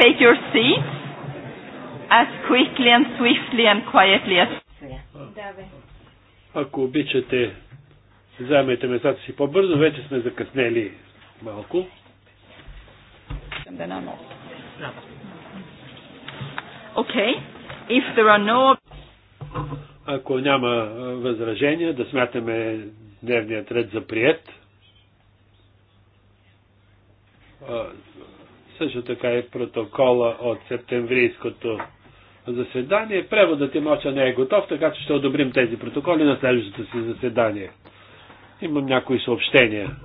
take your seats as quickly and swiftly and quietly as Ако обичате, вземете местата си по-бързо, вече сме закъснели малко. Okay. If there are no... Ако няма възражения, да смятаме дневният ред за прият. също така и протокола от септемврийското заседание. Преводът им още не е готов, така че ще одобрим тези протоколи на следващото си заседание. Имам някои съобщения.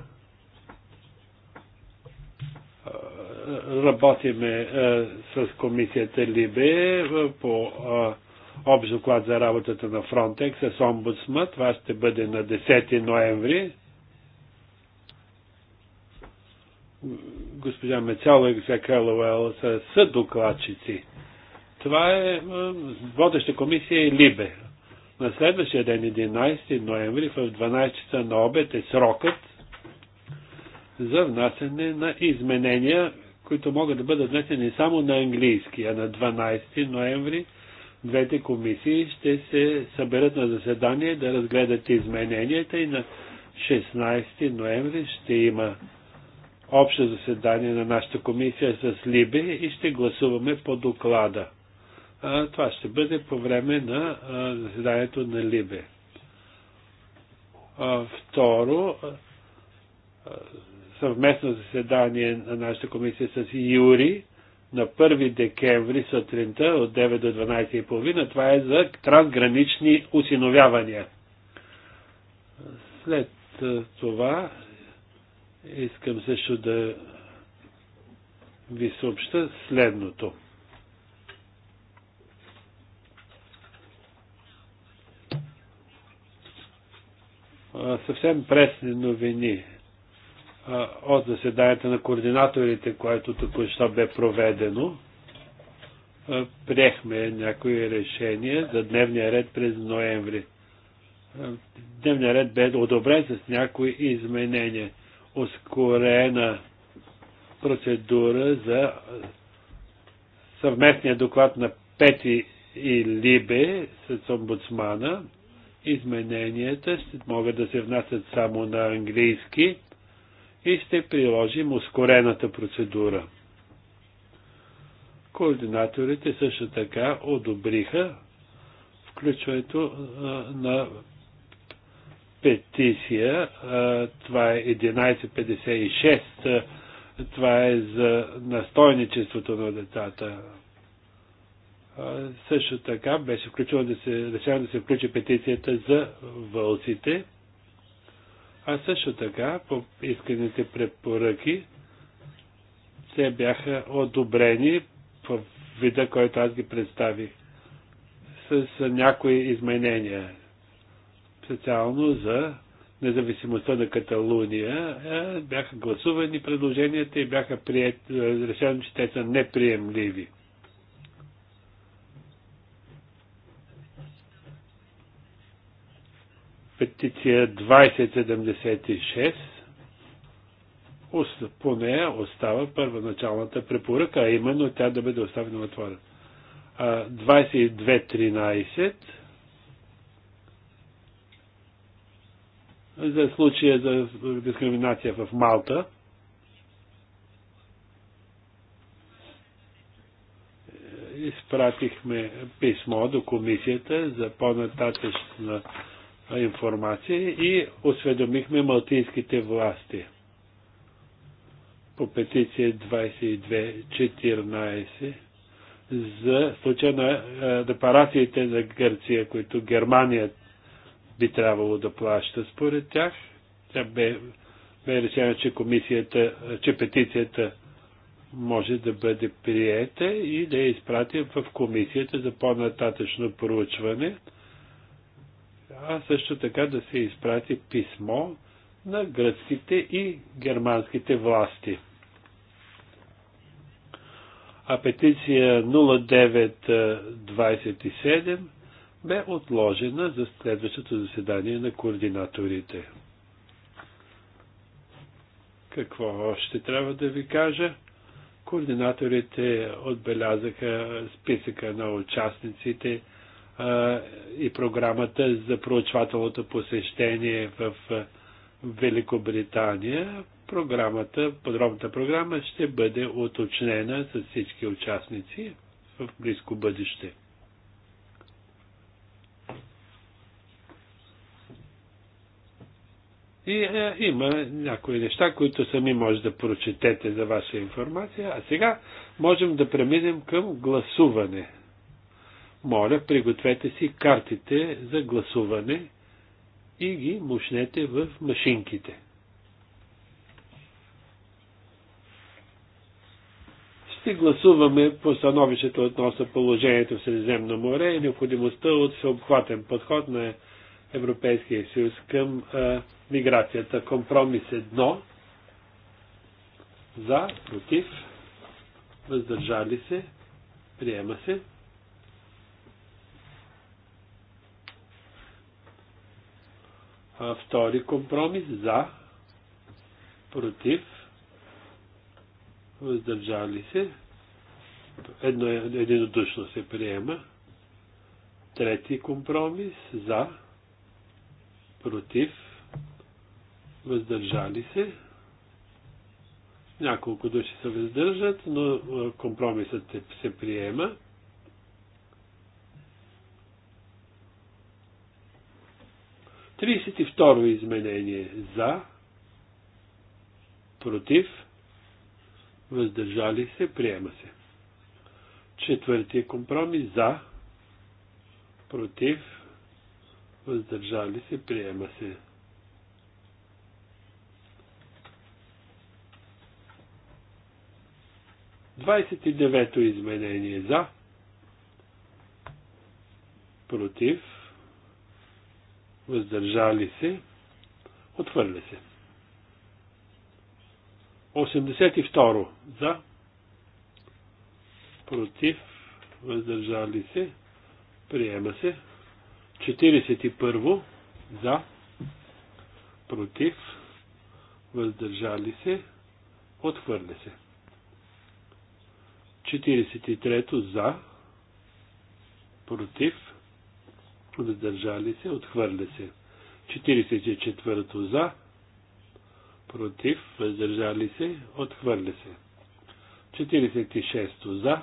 Работиме е, с комисията Либе е, по е, общ доклад за работата на Фронтекс с омбудсма. Това ще бъде на 10 ноември госпожа Мецало и госпожа с са съдокладчици. Това е, е водеща комисия и Либе. На следващия ден, 11 ноември, в 12 часа на обед е срокът за внасяне на изменения, които могат да бъдат внесени само на английски, а на 12 ноември двете комисии ще се съберат на заседание да разгледат измененията и на 16 ноември ще има общо заседание на нашата комисия с Либе и ще гласуваме по доклада. А, това ще бъде по време на а, заседанието на Либе. А, второ, а, съвместно заседание на нашата комисия с Юри на 1 декември сутринта от 9 до 12.30. Това е за трансгранични усиновявания. След това Искам също да ви съобща следното. съвсем пресни новини а, от заседанието на координаторите, което току-що бе проведено. А, приехме някои решения за дневния ред през ноември. А, дневния ред бе одобрен с някои изменения ускорена процедура за съвместния доклад на Пети и Либе с омбудсмана. Измененията могат да се внасят само на английски и ще приложим ускорената процедура. Координаторите също така одобриха включването на петиция, това е 1156, това е за настойничеството на децата. Също така беше включено да се, решено да се включи петицията за вълците, а също така по исканите препоръки те бяха одобрени в вида, който аз ги представих с някои изменения специално за независимостта на Каталуния, е, бяха гласувани предложенията и бяха прият, е, решено, че те са неприемливи. Петиция 2076 по нея остава първоначалната препоръка, а именно тя да бъде оставена отворена. 2213 за случая за дискриминация в Малта. Изпратихме писмо до комисията за по-нататъчна информация и осведомихме малтийските власти по петиция 2214 за случая на репарациите за Гърция, които Германия би трябвало да плаща според тях. Тя бе, бе решено, че комисията, че петицията може да бъде приета и да я изпрати в комисията за по-нататъчно проучване, а също така да се изпрати писмо на гръцките и германските власти. А петиция 0927 бе отложена за следващото заседание на координаторите. Какво още трябва да ви кажа? Координаторите отбелязаха списъка на участниците а, и програмата за проучвателното посещение в Великобритания. Програмата, подробната програма ще бъде уточнена с всички участници в близко бъдеще. И е, има някои неща, които сами може да прочетете за ваша информация. А сега можем да преминем към гласуване. Моля, пригответе си картите за гласуване и ги мушнете в машинките. Ще гласуваме по становището относно положението в Средиземно море и необходимостта от всеобхватен подход на Европейския съюз към а, миграцията. Компромис едно. За, против, въздържали се, приема се. А, втори компромис за, против, въздържали се, едно, единодушно се приема. Трети компромис за, против, въздържали се. Няколко души се въздържат, но компромисът е, се приема. Тридесет и второ изменение за, против, въздържали се, приема се. Четвъртия компромис за, против, въздържали се, приема се. Двадесет и девето изменение за, против, въздържали се, Отвърля се. 82 за, против, въздържали се, приема се. 41 за, против, въздържали се, отхвърля се. 43 за, против, въздържали се, отхвърля се. 44 за, против, въздържали се, отхвърля се. 46 за,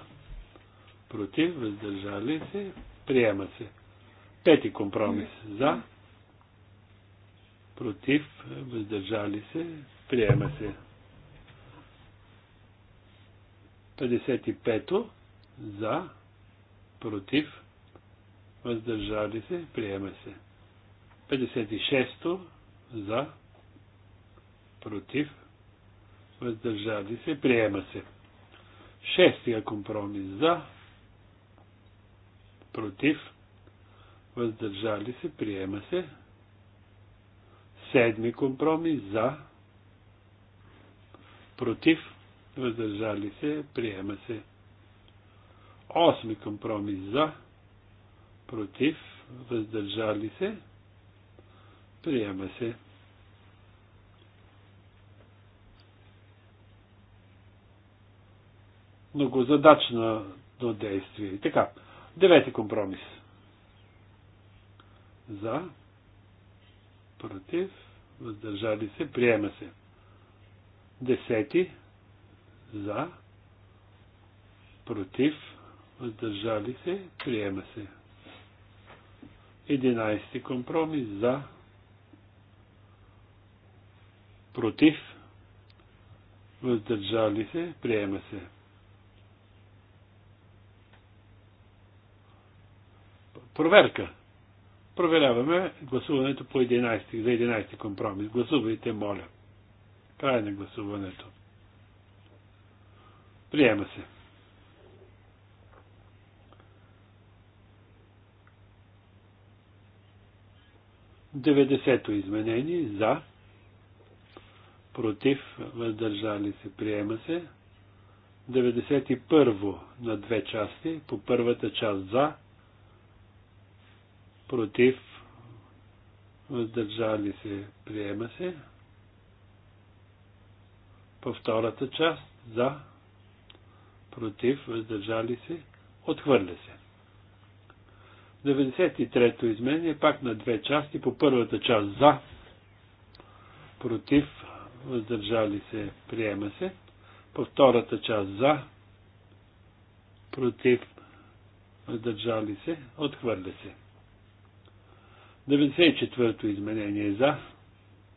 против, въздържали се, приема се. Пети компромис. За. Против. Въздържали се. Приема се. 55-то. За. Против. Въздържали се. Приема се. 56-то. За. Против. Въздържали се. Приема се. Шестия компромис. За. Против въздържали се, приема се. Седми компромис за, против, въздържали се, приема се. Осми компромис за, против, въздържали се, приема се. Многозадачно действие. Така, девети компромис. За. Против. Въздържали се. Приема се. Десети. За. Против. Въздържали се. Приема се. Единайсти компромис. За. Против. Въздържали се. Приема се. Проверка. Проверяваме гласуването по 11, за 11 компромис. Гласувайте, моля. Край на гласуването. Приема се. Деведесето изменение за, против, въздържали се, приема се. 91 на две части, по първата част за, против, въздържали се, приема се. По втората част, за, против, въздържали се, отхвърля се. 93-то изменение, пак на две части, по първата част за, против, въздържали се, приема се. По втората част за, против, въздържали се, отхвърля се. 94-то изменение за,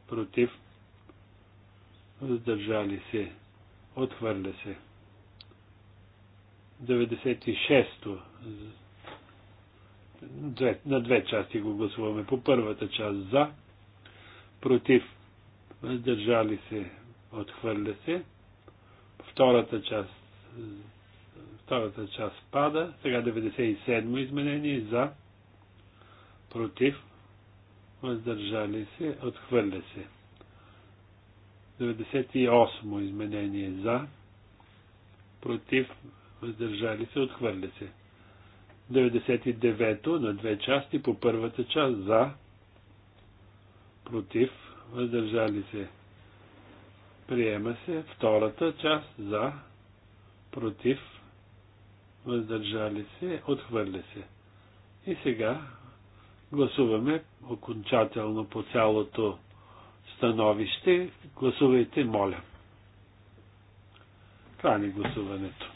против, въздържали се, отхвърля се. 96-то на две части го гласуваме. По първата част за, против, въздържали се, отхвърля се. Втората част, втората част пада. Сега 97-мо изменение за, против, въздържали се, отхвърля се. 98 изменение за, против, въздържали се, отхвърля се. 99 на две части по първата част за, против, въздържали се, приема се. Втората част за, против, въздържали се, отхвърля се. И сега Гласуваме окончателно по цялото становище. Гласувайте, моля. Крани гласуването.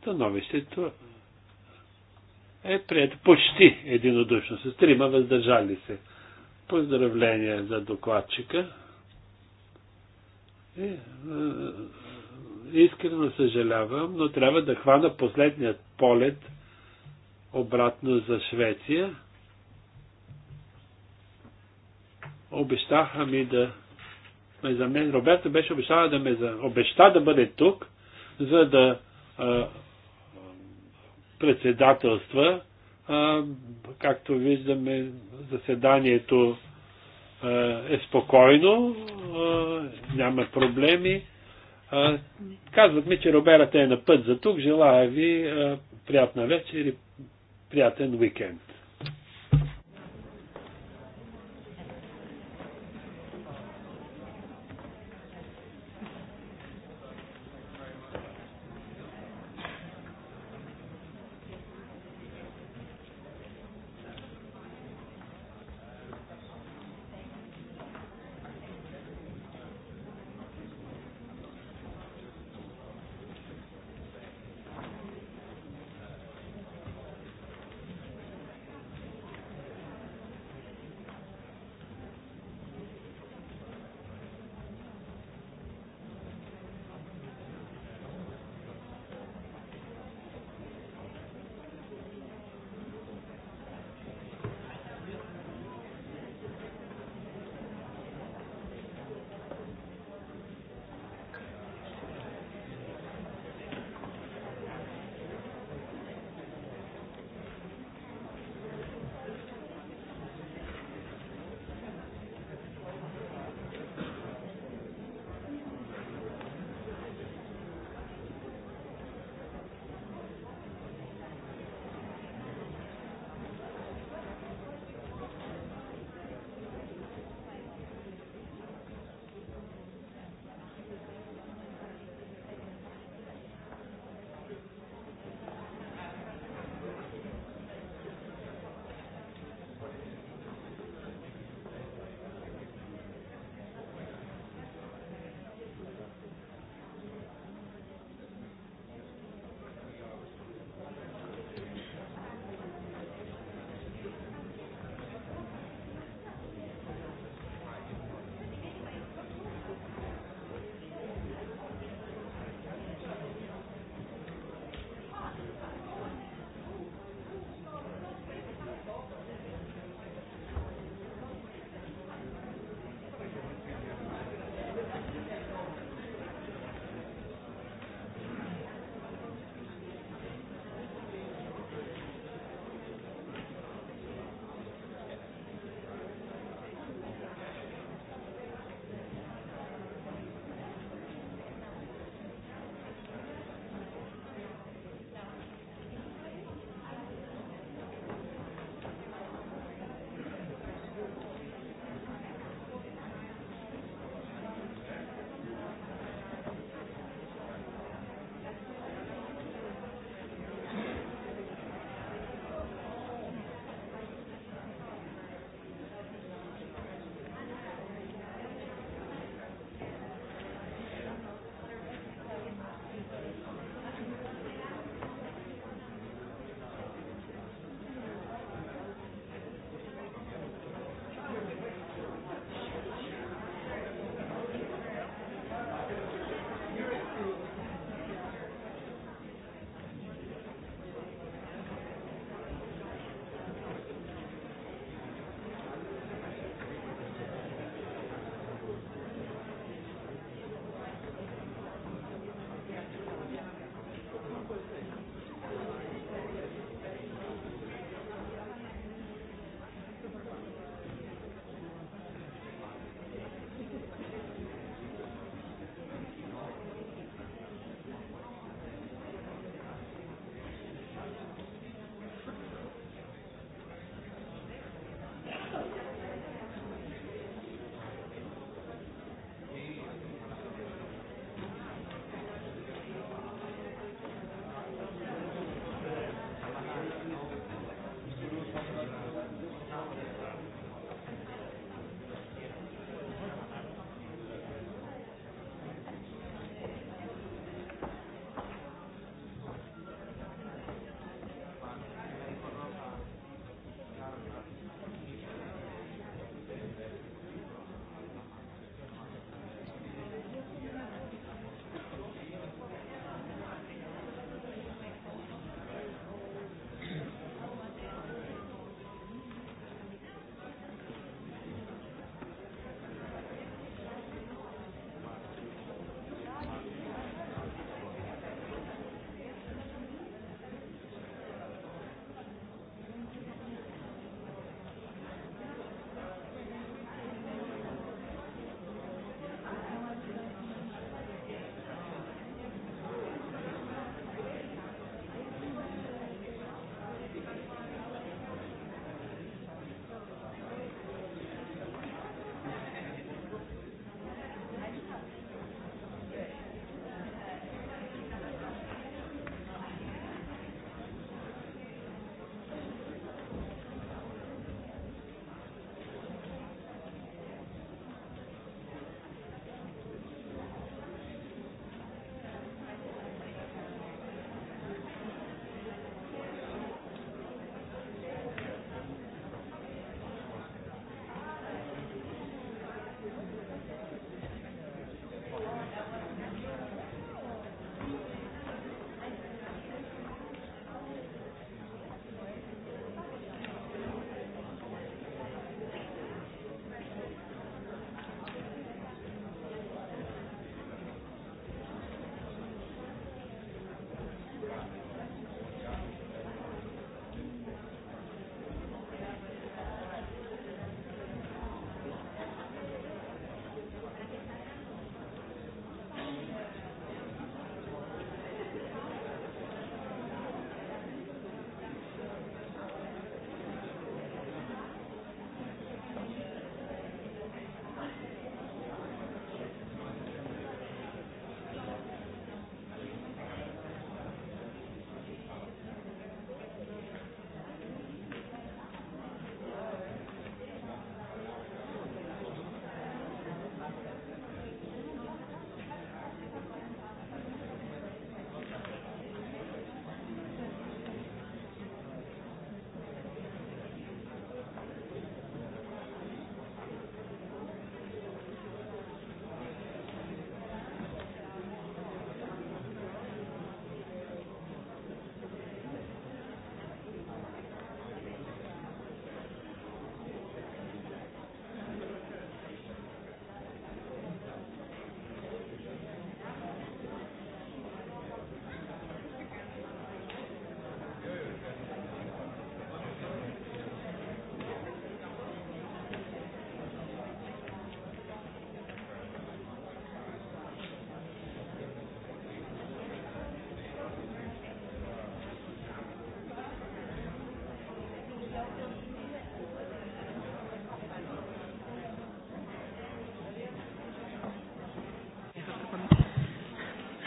Становището е пред почти единодушно с трима въздържали се. Поздравления за докладчика. И, е, е, искрено съжалявам, но трябва да хвана последният полет обратно за Швеция. Обещаха ми да ме за мен. Роберта беше обещава да ме за... обеща да бъде тук, за да а, председателства, а, както виждаме, заседанието е спокойно, няма проблеми. Казват ми, че Роберата е на път за тук. Желая ви приятна вечер и приятен уикенд.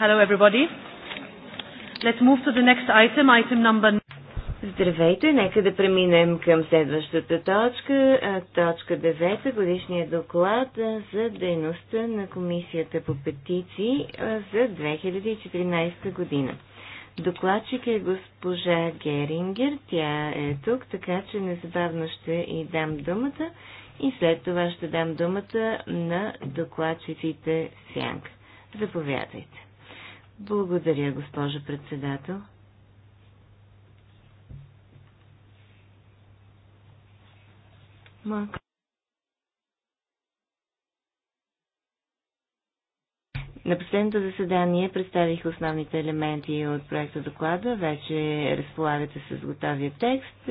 Hello everybody. Let's move to the next item, item number... Здравейте, нека да преминем към следващата точка, точка 9, годишния доклад за дейността на Комисията по петиции за 2014 година. Докладчик е госпожа Герингер, тя е тук, така че незабавно ще и дам думата и след това ще дам думата на докладчиците сянг. Заповядайте. Благодаря, госпожо председател. На последното заседание представих основните елементи от проекта доклада. Вече разполагате с готовия текст.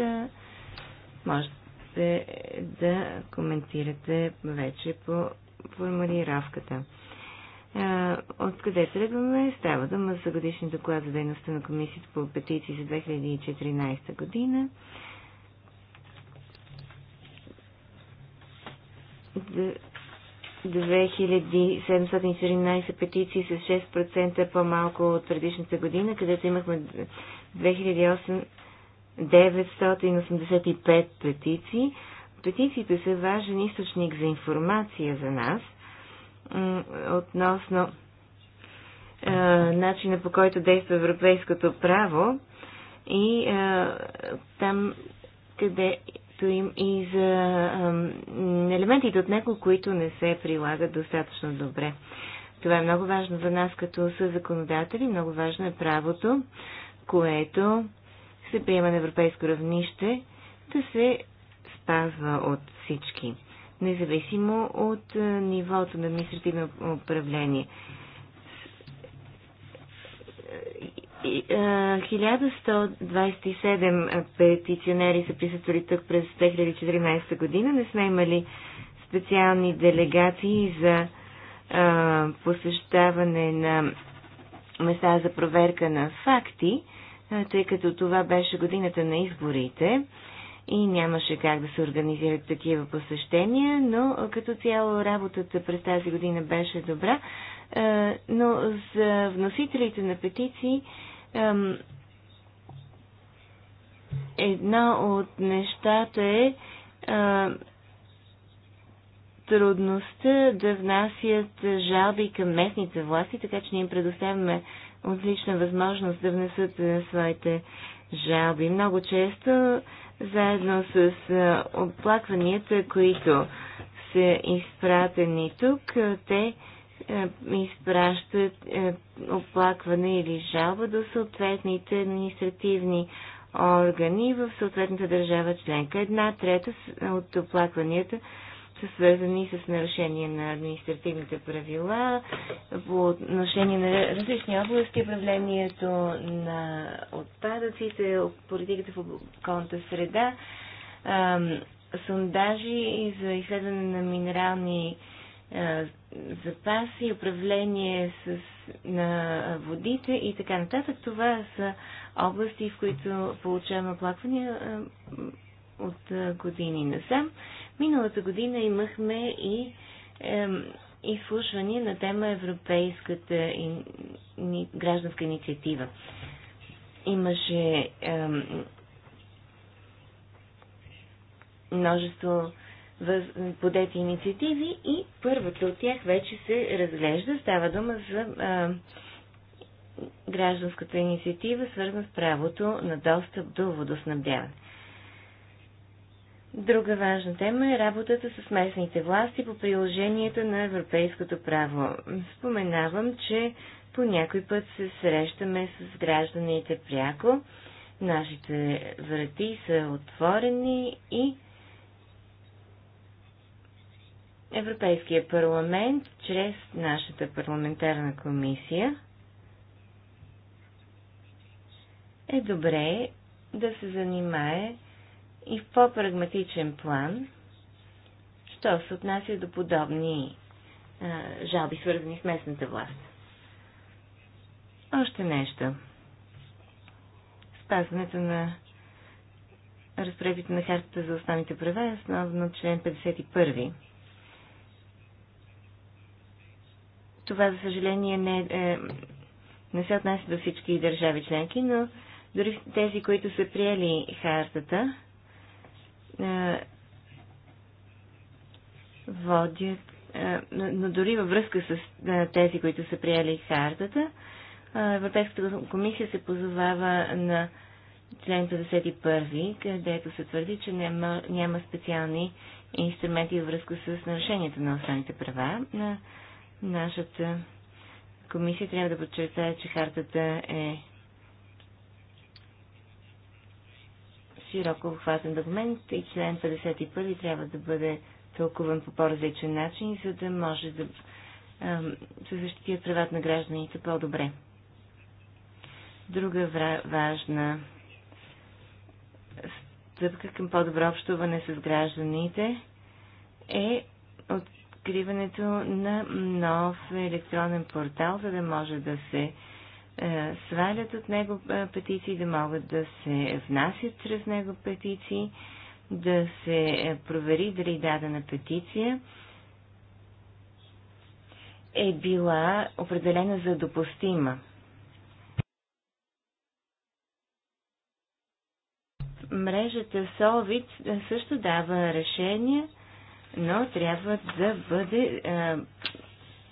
Можете да коментирате вече по формулировката откъде тръгваме? Става дума за годишния доклад за дейността на Комисията по петиции за 2014 година. Д 2714 петиции с 6% по-малко от предишната година, където имахме 2008 985 петиции. Петициите са важен източник за информация за нас – относно е, начина по който действа европейското право и е, там, където им и за е, елементите от него, които не се прилагат достатъчно добре. Това е много важно за нас като са законодатели, много важно е правото, което се приема на европейско равнище, да се спазва от всички независимо от е, нивото на административно управление. 1127 е, е, петиционери са присъствали тук през 2014 година. Не сме имали специални делегации за а, посещаване на места за проверка на факти, тъй като това беше годината на изборите и нямаше как да се организират такива посещения, но като цяло работата през тази година беше добра. Е, но за вносителите на петиции една от нещата е, е трудността да внасят жалби към местните власти, така че ние им предоставяме отлична възможност да внесат е, своите жалби. Много често заедно с оплакванията, които са изпратени тук, те изпращат оплакване или жалба до съответните административни органи в съответната държава членка. Една трета от оплакванията са свързани с нарушение на административните правила по отношение на различни области, управлението на отпадъците, политиката в околната среда, сондажи за изследване на минерални запаси, управление с, на водите и така нататък. Това са области, в които получаваме оплаквания от години насам. Миналата година имахме и ем, изслушване на тема Европейската ни, гражданска инициатива. Имаше множество въз, подети инициативи и първата от тях вече се разглежда. Става дума за гражданската инициатива, свързана с правото на достъп до водоснабдяване. Друга важна тема е работата с местните власти по приложението на европейското право. Споменавам, че по някой път се срещаме с гражданите пряко, нашите врати са отворени и Европейския парламент, чрез нашата парламентарна комисия, е добре да се занимае и в по-прагматичен план, що се отнася до подобни а, жалби, свързани с местната власт. Още нещо. Спазването на разпоредбите на Хартата за основните права е основно член 51. Това, за съжаление, не, е, не се отнася до всички държави членки, но дори тези, които са приели хартата, е, водят, е, но дори във връзка с е, тези, които са приели хартата, Европейската комисия се позовава на член 51, където се твърди, че няма, няма специални инструменти във връзка с нарушението на останалите права. На нашата комисия трябва да подчертая, че хартата е широко обхватен документ и член 51 трябва да бъде тълкуван по по-различен начин, за да може да се защитят правата на гражданите по-добре. Друга важна стъпка към по-добро общуване с гражданите е откриването на нов електронен портал, за да може да се е, свалят от него е, петиции, да могат да се внасят чрез него петиции, да се е, провери дали дадена петиция е била определена за допустима. Мрежата Solvit също дава решение, но трябва да бъде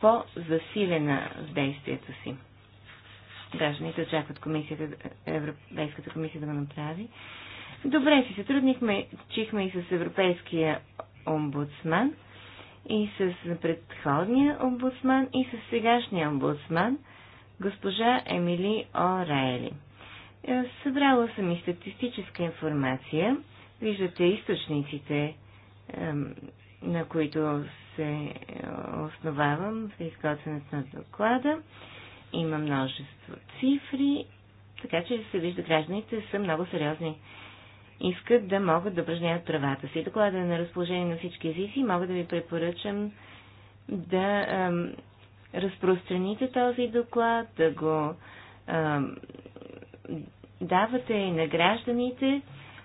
по-засилена в действието си гражданите очакват комисията, Европейската комисия да го направи. Добре си сътруднихме, чихме и с Европейския омбудсман, и с предходния омбудсман, и с сегашния омбудсман, госпожа Емили О'Райли. Е, събрала съм и статистическа информация. Виждате източниците, на които се е, основавам в изготвянето на доклада. Има множество цифри, така че се вижда гражданите са много сериозни. Искат да могат да упражняват правата си. Доклада е на разположение на всички езици. Мога да ви препоръчам да ам, разпространите този доклад, да го ам, давате и на гражданите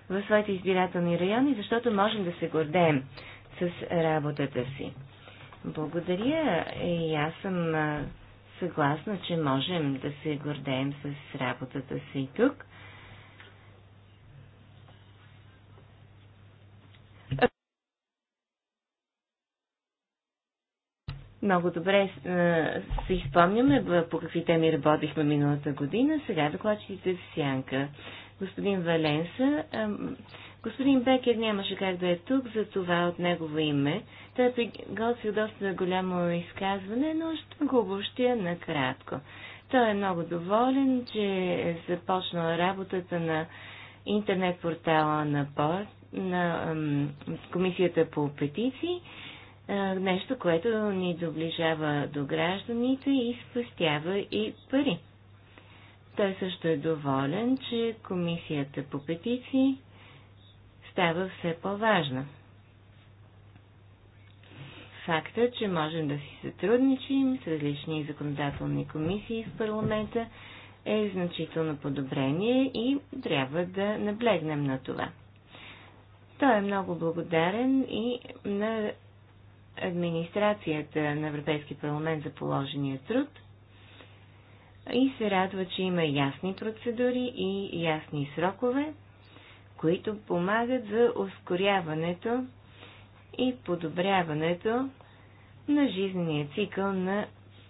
в своите избирателни райони, защото можем да се гордеем с работата си. Благодаря и аз съм съгласна, че можем да се гордеем с работата си тук. Много добре се изпомняме по какви теми работихме миналата година. Сега докладчиците в Сянка. Господин Валенса, Господин Бекер нямаше как да е тук, за това от негово име. Той е приготвил доста голямо изказване, но ще го обобщя накратко. Той е много доволен, че е започнал работата на интернет портала на, пор... на ам, Комисията по петиции, а, нещо, което ни доближава до гражданите и спастява и пари. Той също е доволен, че Комисията по петиции става все по-важна. Факта, че можем да си сътрудничим с различни законодателни комисии в парламента е значително подобрение и трябва да наблегнем на това. Той е много благодарен и на администрацията на Европейски парламент за положения труд и се радва, че има ясни процедури и ясни срокове, които помагат за ускоряването и подобряването на жизнения цикъл на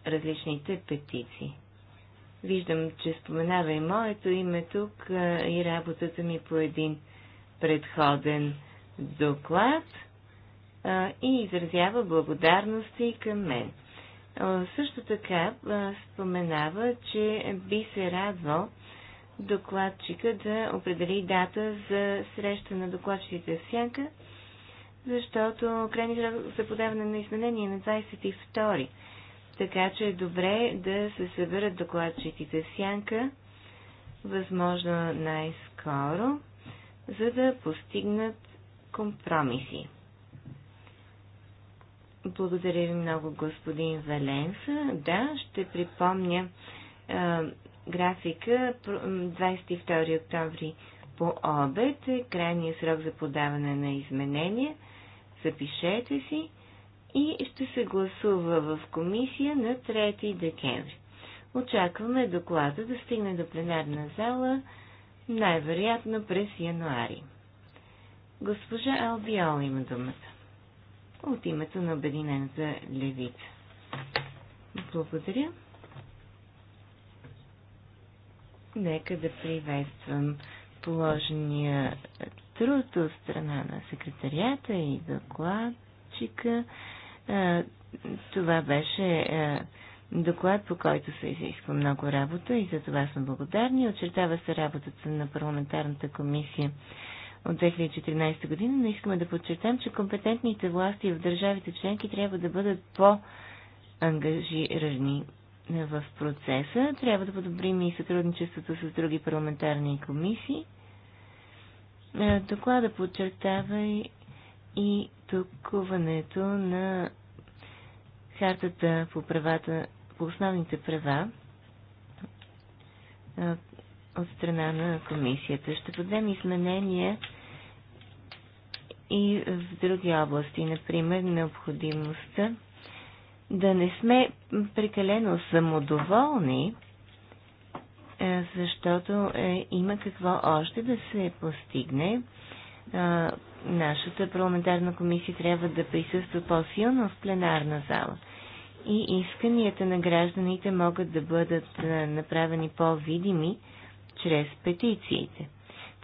различните петиции. Виждам, че споменава и моето име тук и работата ми по един предходен доклад и изразява благодарности към мен. Също така споменава, че би се радвал докладчика да определи дата за среща на докладчиците в сянка, защото крайни срок за подаване на изменение е на 22. Така че е добре да се съберат докладчиците в сянка, възможно най-скоро, за да постигнат компромиси. Благодаря ви много, господин Валенса. Да, ще припомня графика 22 октомври по обед е крайния срок за подаване на изменения. Запишете си и ще се гласува в комисия на 3 декември. Очакваме доклада да стигне до пленарна зала най-вероятно през януари. Госпожа Албиол има думата. От името на Обединената левица. Благодаря. Нека да приветствам положения труд от страна на секретарията и докладчика. Това беше доклад, по който се изисква много работа и за това сме благодарни. Очертава се работата на парламентарната комисия от 2014 година, но искаме да подчертам, че компетентните власти в държавите членки трябва да бъдат по-ангажирани в процеса. Трябва да подобрим и сътрудничеството с други парламентарни комисии. Е, доклада подчертава и тълкуването на хартата по, правата, по основните права е, от страна на комисията. Ще подем изменения и в други области, например необходимостта да не сме прекалено самодоволни, е, защото е, има какво още да се постигне. Е, нашата парламентарна комисия трябва да присъства по-силно в пленарна зала. И исканията на гражданите могат да бъдат направени по-видими чрез петициите.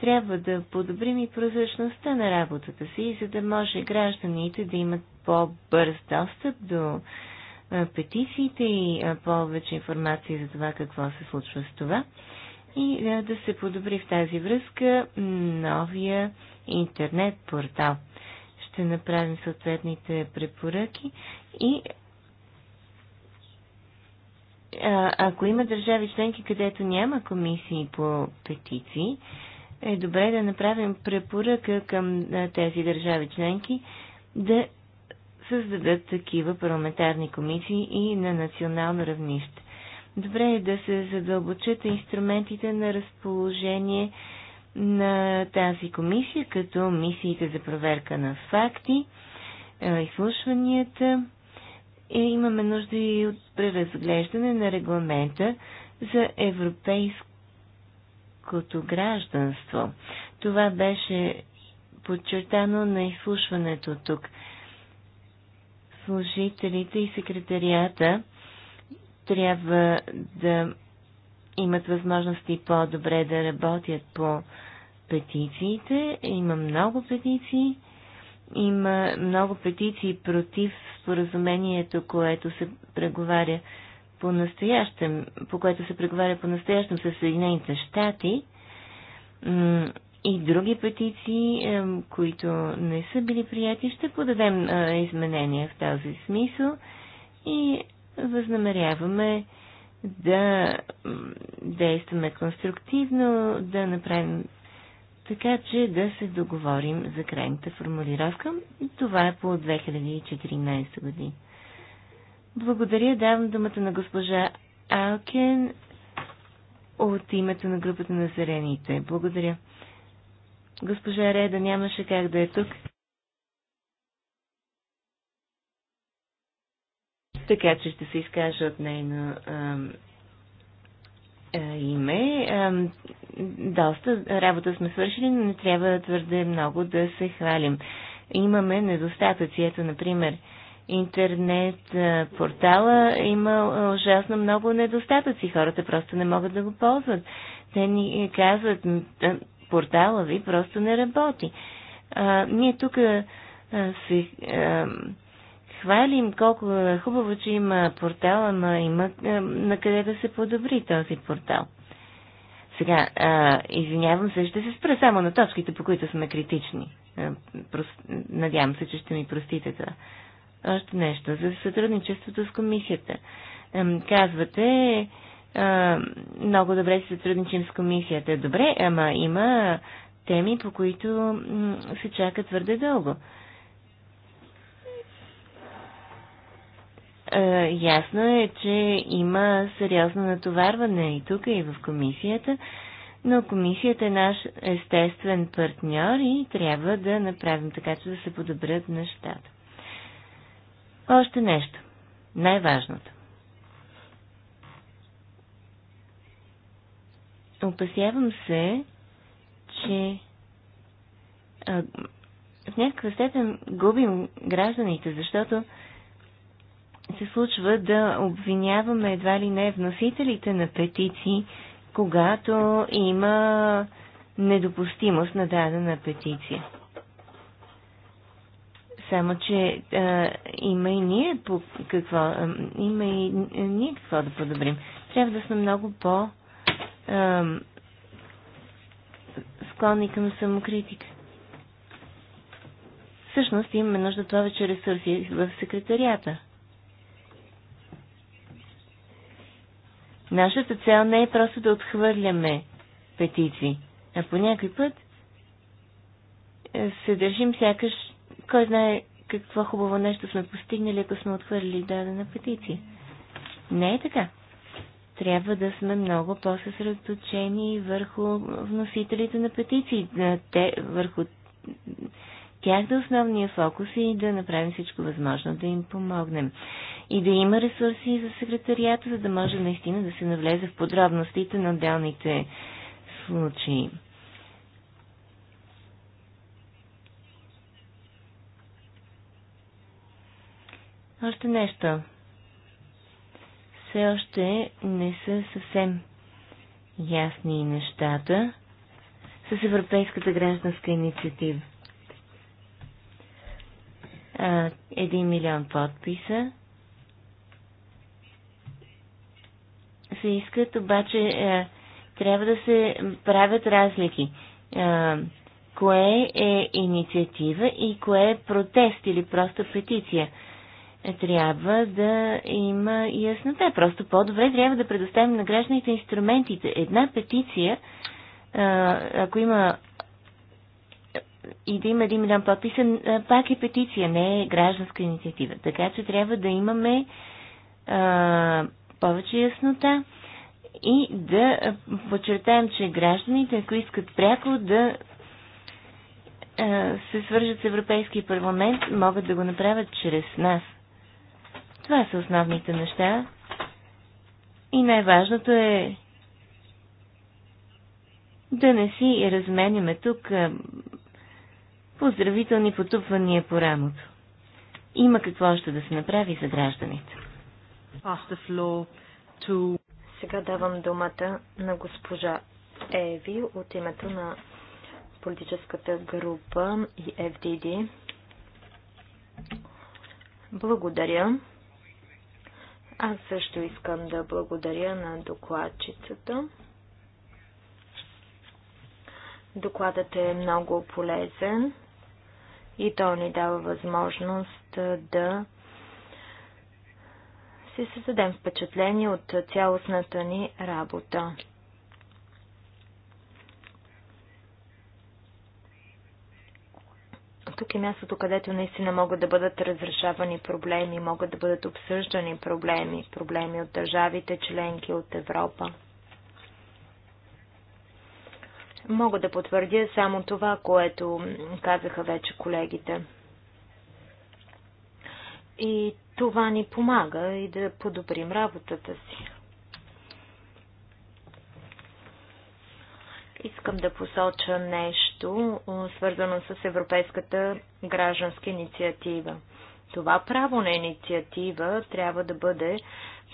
Трябва да подобрим и прозрачността на работата си, за да може гражданите да имат по-бърз достъп до петициите и повече информация за това какво се случва с това и да се подобри в тази връзка новия интернет портал. Ще направим съответните препоръки и а, ако има държави членки, където няма комисии по петиции, е добре да направим препоръка към тези държави членки да създадат такива парламентарни комисии и на национално равнище. Добре е да се задълбочат инструментите на разположение на тази комисия, като мисиите за проверка на факти, е, изслушванията. И е, имаме нужда и от преразглеждане на регламента за европейското гражданство. Това беше подчертано на изслушването тук служителите и секретарията трябва да имат възможности по-добре да работят по петициите. Има много петиции. Има много петиции против споразумението, което се преговаря по настоящем, по което се преговаря по настоящем с Съединените щати и други петиции, които не са били прияти, ще подадем е, изменения в този смисъл и възнамеряваме да действаме конструктивно, да направим така, че да се договорим за крайната формулировка. Това е по 2014 година. Благодаря, давам думата на госпожа Алкен от името на групата на зелените. Благодаря. Госпожа Реда нямаше как да е тук. Така че ще се изкажа от нейно а, а, име. А, доста работа сме свършили, но не трябва твърде много да се хвалим. Имаме недостатъци. Ето, например, интернет а, портала има ужасно много недостатъци. Хората просто не могат да го ползват. Те ни казват, портала ви просто не работи. А, ние тук се хвалим колко е хубаво, че има портал, ама има а, на къде да се подобри този портал. Сега, а, извинявам се, ще се спра само на точките, по които сме критични. А, прос... Надявам се, че ще ми простите това. Още нещо за сътрудничеството с комисията. А, казвате, е, много добре се сътрудничим с комисията. Добре, ама има теми, по които се чака твърде дълго. Е, ясно е, че има сериозно натоварване и тук, и в комисията, но комисията е наш естествен партньор и трябва да направим така, че да се подобрят нещата. Още нещо. Най-важното. Опасявам се, че а, в някаква степен губим гражданите, защото се случва да обвиняваме едва ли не вносителите на петиции, когато има недопустимост на дадена петиция. Само, че а, има и ние по какво, а, има и ние какво да подобрим. Трябва да сме много по- склонни към самокритика. Всъщност имаме нужда това повече ресурси в секретарията. Нашата цел не е просто да отхвърляме петиции, а по някой път е, се държим сякаш, кой знае какво хубаво нещо сме постигнали, ако сме отхвърлили дадена петиция. Не е така трябва да сме много по-съсредоточени върху вносителите на петиции, е, те, върху тях да е основния фокус и да направим всичко възможно да им помогнем. И да има ресурси за секретарията, за да може наистина да се навлезе в подробностите на отделните случаи. Още нещо все още не са съвсем ясни нещата с Европейската гражданска инициатива. Един милион подписа се искат, обаче трябва да се правят разлики. Кое е инициатива и кое е протест или просто петиция – трябва да има яснота. Просто по-добре трябва да предоставим на гражданите инструментите. Една петиция, ако има и да има един милион подписа, пак е петиция, не е гражданска инициатива. Така че трябва да имаме повече яснота и да подчертаем, че гражданите, ако искат пряко да се свържат с Европейския парламент, могат да го направят чрез нас – това са основните неща. И най-важното е да не си разменяме тук поздравителни потупвания по рамото. Има какво още да се направи за гражданите. Сега давам думата на госпожа Еви от името на политическата група и FDD. Благодаря. Аз също искам да благодаря на докладчицата. Докладът е много полезен и то ни дава възможност да си създадем впечатление от цялостната ни работа. тук е мястото, където наистина могат да бъдат разрешавани проблеми, могат да бъдат обсъждани проблеми, проблеми от държавите членки от Европа. Мога да потвърдя само това, което казаха вече колегите. И това ни помага и да подобрим работата си. Искам да посоча нещо нещо, свързано с Европейската гражданска инициатива. Това право на инициатива трябва да бъде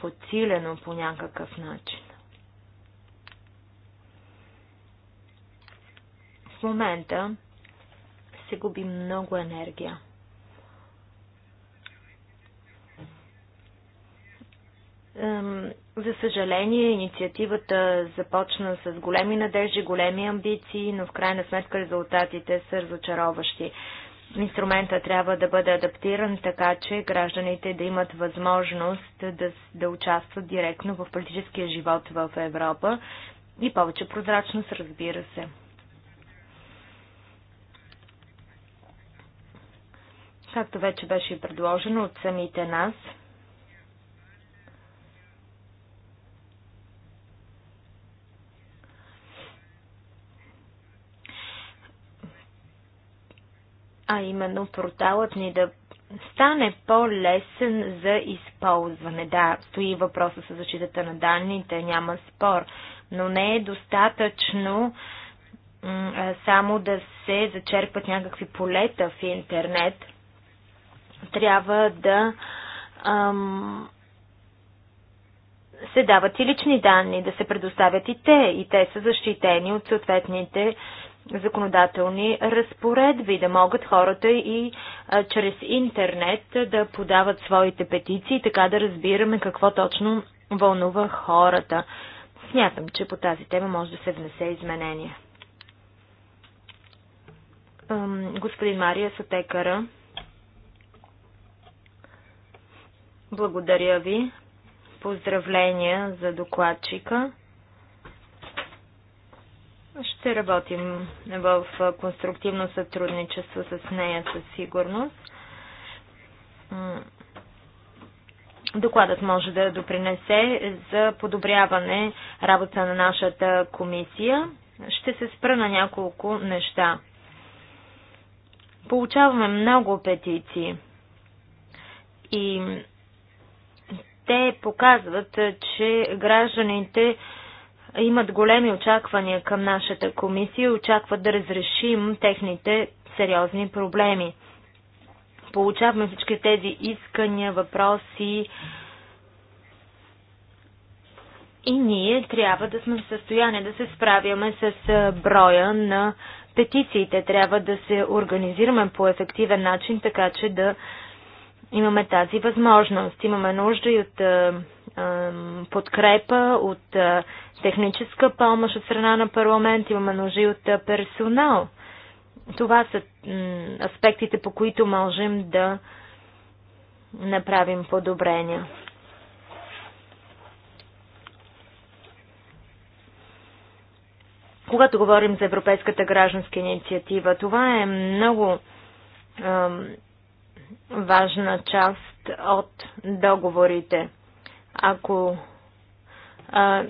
подсилено по някакъв начин. В момента се губи много енергия. За съжаление, инициативата започна с големи надежди, големи амбиции, но в крайна сметка резултатите са разочароващи. Инструмента трябва да бъде адаптиран така, че гражданите да имат възможност да, да участват директно в политическия живот в Европа и повече прозрачност, разбира се. Както вече беше предложено от самите нас, а именно порталът ни да стане по-лесен за използване. Да, стои въпроса с защитата на данните, няма спор, но не е достатъчно само да се зачерпат някакви полета в интернет. Трябва да ам, се дават и лични данни, да се предоставят и те, и те са защитени от съответните законодателни разпоредби, да могат хората и а, чрез интернет да подават своите петиции, така да разбираме какво точно вълнува хората. Смятам, че по тази тема може да се внесе изменения. Господин Мария Сатекара, благодаря ви. Поздравления за докладчика. Ще работим в конструктивно сътрудничество с нея със сигурност. Докладът може да допринесе за подобряване работа на нашата комисия. Ще се спра на няколко неща. Получаваме много петиции и те показват, че гражданите имат големи очаквания към нашата комисия и очакват да разрешим техните сериозни проблеми. Получаваме всички тези искания, въпроси и ние трябва да сме в състояние да се справяме с броя на петициите. Трябва да се организираме по ефективен начин, така че да имаме тази възможност. Имаме нужда и от подкрепа, от техническа помощ от страна на парламент, имаме нужда и от персонал. Това са аспектите, по които можем да направим подобрения. Когато говорим за Европейската гражданска инициатива, това е много важна част от договорите. Ако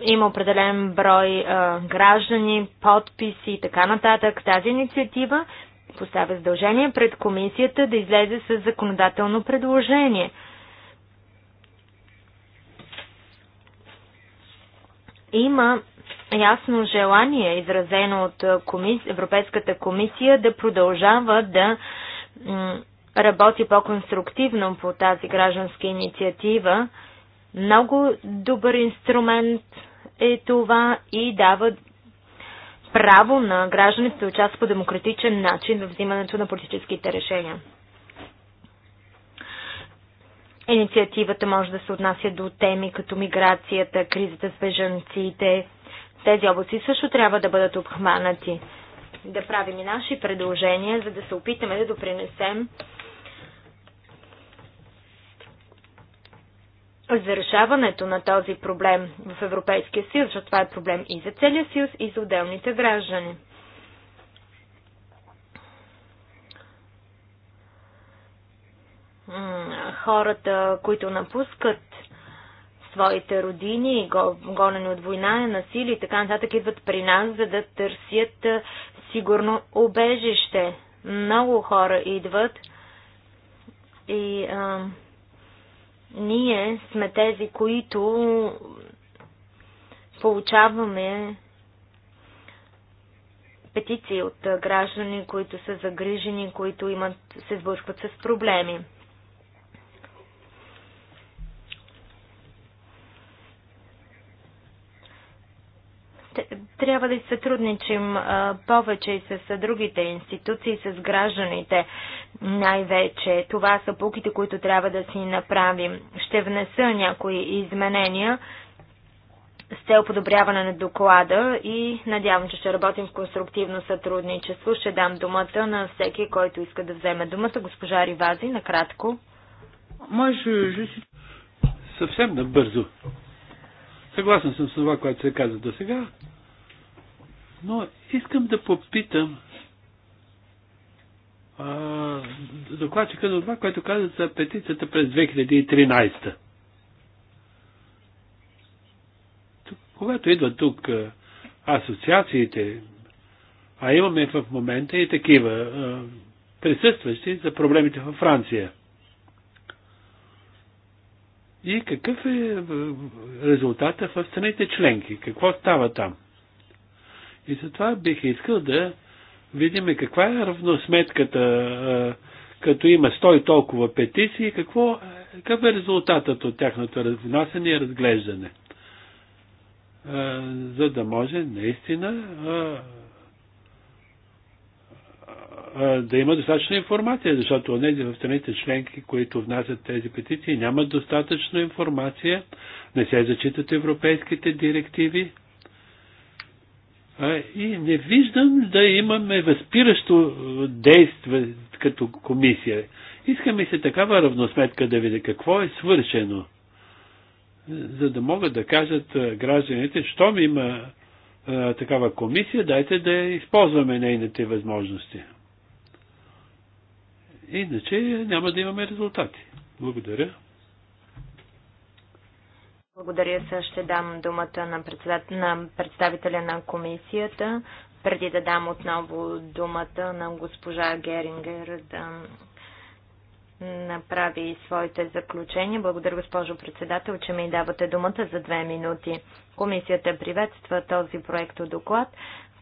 има определен брой граждани, подписи и така нататък, тази инициатива поставя задължение пред комисията да излезе с законодателно предложение. Има ясно желание, изразено от комисия, Европейската комисия, да продължава да работи по-конструктивно по тази гражданска инициатива. Много добър инструмент е това и дава право на гражданите да участват по демократичен начин в взимането на политическите решения. Инициативата може да се отнася до теми като миграцията, кризата с бежанците. Тези области също трябва да бъдат обхванати. Да правим и наши предложения, за да се опитаме да допринесем за решаването на този проблем в Европейския съюз, защото това е проблем и за целия съюз, и за отделните граждани. Хората, които напускат своите родини, гонени от война, насилие и така нататък, идват при нас, за да търсят сигурно убежище. Много хора идват и а, ние сме тези, които получаваме петиции от граждани, които са загрижени, които имат, се сблъскват с проблеми. трябва да сътрудничим повече и с другите институции, с гражданите най-вече. Това са пуките, които трябва да си направим. Ще внеса някои изменения с цел подобряване на доклада и надявам, че ще работим в конструктивно сътрудничество. Ще дам думата на всеки, който иска да вземе думата. Госпожа Ривази, накратко. Може, съвсем набързо. Съгласен съм с това, което се каза до сега, но искам да попитам а, докладчика на това, което каза за петицията през 2013. Тук, когато идват тук асоциациите, а имаме в момента и такива а, присъстващи за проблемите във Франция – и какъв е, е резултата в страните членки, какво става там. И затова бих искал да видим каква е равносметката, е, като има сто и толкова петиции, какво, е, какъв е резултатът от тяхното внасяне и разглеждане. За да може наистина да има достатъчно информация, защото онези в страните членки, които внасят тези петиции, нямат достатъчно информация, не се зачитат европейските директиви. И не виждам да имаме възпиращо действие като комисия. Искаме се такава равносметка да видя какво е свършено, за да могат да кажат гражданите, щом има такава комисия, дайте да използваме нейните възможности. Иначе няма да имаме резултати. Благодаря. Благодаря. Сега ще дам думата на, председат... на представителя на комисията, преди да дам отново думата на госпожа Герингер да направи своите заключения. Благодаря, госпожо председател, че ми давате думата за две минути. Комисията приветства този проект доклад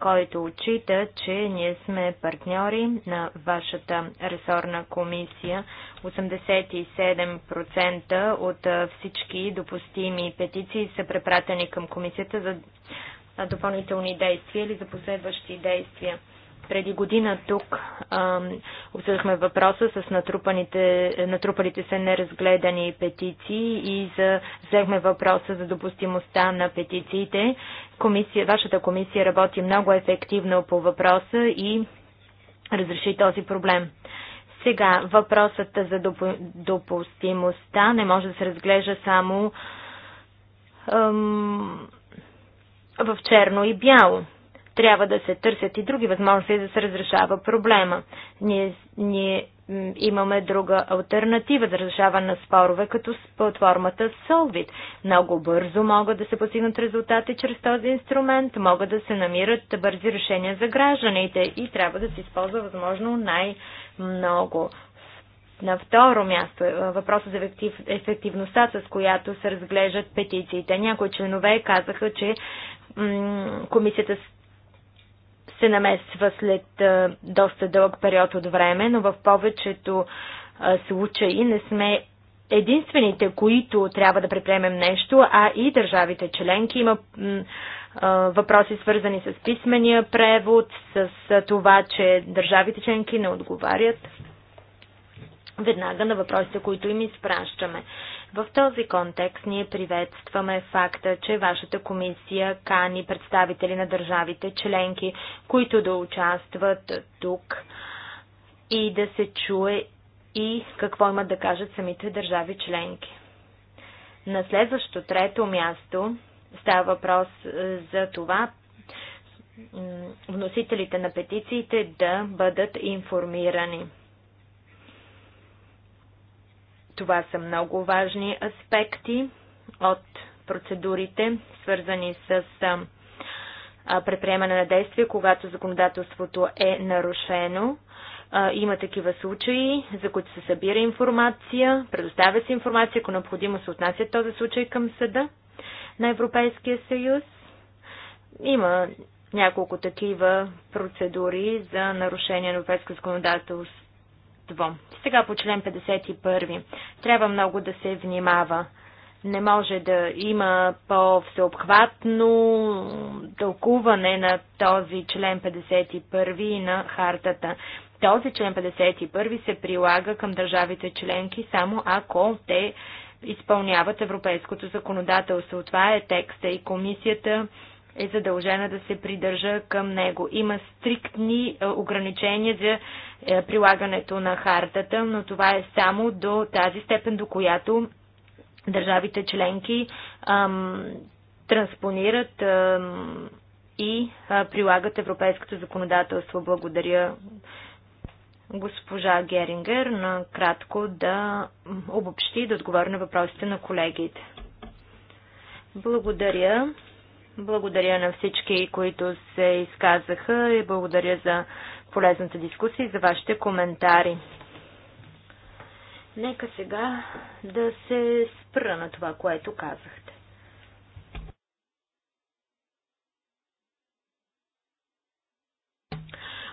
който отчита, че ние сме партньори на вашата ресорна комисия. 87% от всички допустими петиции са препратени към комисията за допълнителни действия или за последващи действия. Преди година тук обсъждахме въпроса с натрупалите се неразгледани петиции и за, взехме въпроса за допустимостта на петициите. Комисия, вашата комисия работи много ефективно по въпроса и разреши този проблем. Сега въпросът за допустимостта не може да се разглежда само в черно и бяло. Трябва да се търсят и други възможности да се разрешава проблема. Ние, ние имаме друга альтернатива за разрешаване на спорове, като с платформата Solvit. Много бързо могат да се постигнат резултати чрез този инструмент, могат да се намират бързи решения за гражданите и трябва да се използва възможно най-много. На второ място е въпросът за ефектив, ефективността, с която се разглеждат петициите. Някои членове казаха, че комисията се намесва след доста дълъг период от време, но в повечето случаи не сме единствените, които трябва да предприемем нещо, а и държавите членки. Има въпроси свързани с писмения превод, с това, че държавите членки не отговарят веднага на въпросите, които им изпращаме. В този контекст ние приветстваме факта, че вашата комисия кани представители на държавите членки, които да участват тук и да се чуе и какво имат да кажат самите държави членки. На следващо трето място става въпрос е, за това вносителите на петициите да бъдат информирани. Това са много важни аспекти от процедурите, свързани с предприемане на действия, когато законодателството е нарушено. Има такива случаи, за които се събира информация, предоставя се информация, ако необходимо се отнася този случай към съда на Европейския съюз. Има няколко такива процедури за нарушение на европейско законодателство сега по член 51. Трябва много да се внимава. Не може да има по-всеобхватно тълкуване на този член 51 и на хартата. Този член 51 се прилага към държавите членки само ако те изпълняват европейското законодателство. Това е текста и комисията е задължена да се придържа към него. Има стриктни е, ограничения за е, прилагането на хартата, но това е само до тази степен, до която държавите членки ам, транспонират ам, и а, прилагат европейското законодателство. Благодаря госпожа Герингер на кратко да обобщи и да отговори на въпросите на колегите. Благодаря. Благодаря на всички, които се изказаха и благодаря за полезната дискусия и за вашите коментари. Нека сега да се спра на това, което казахте.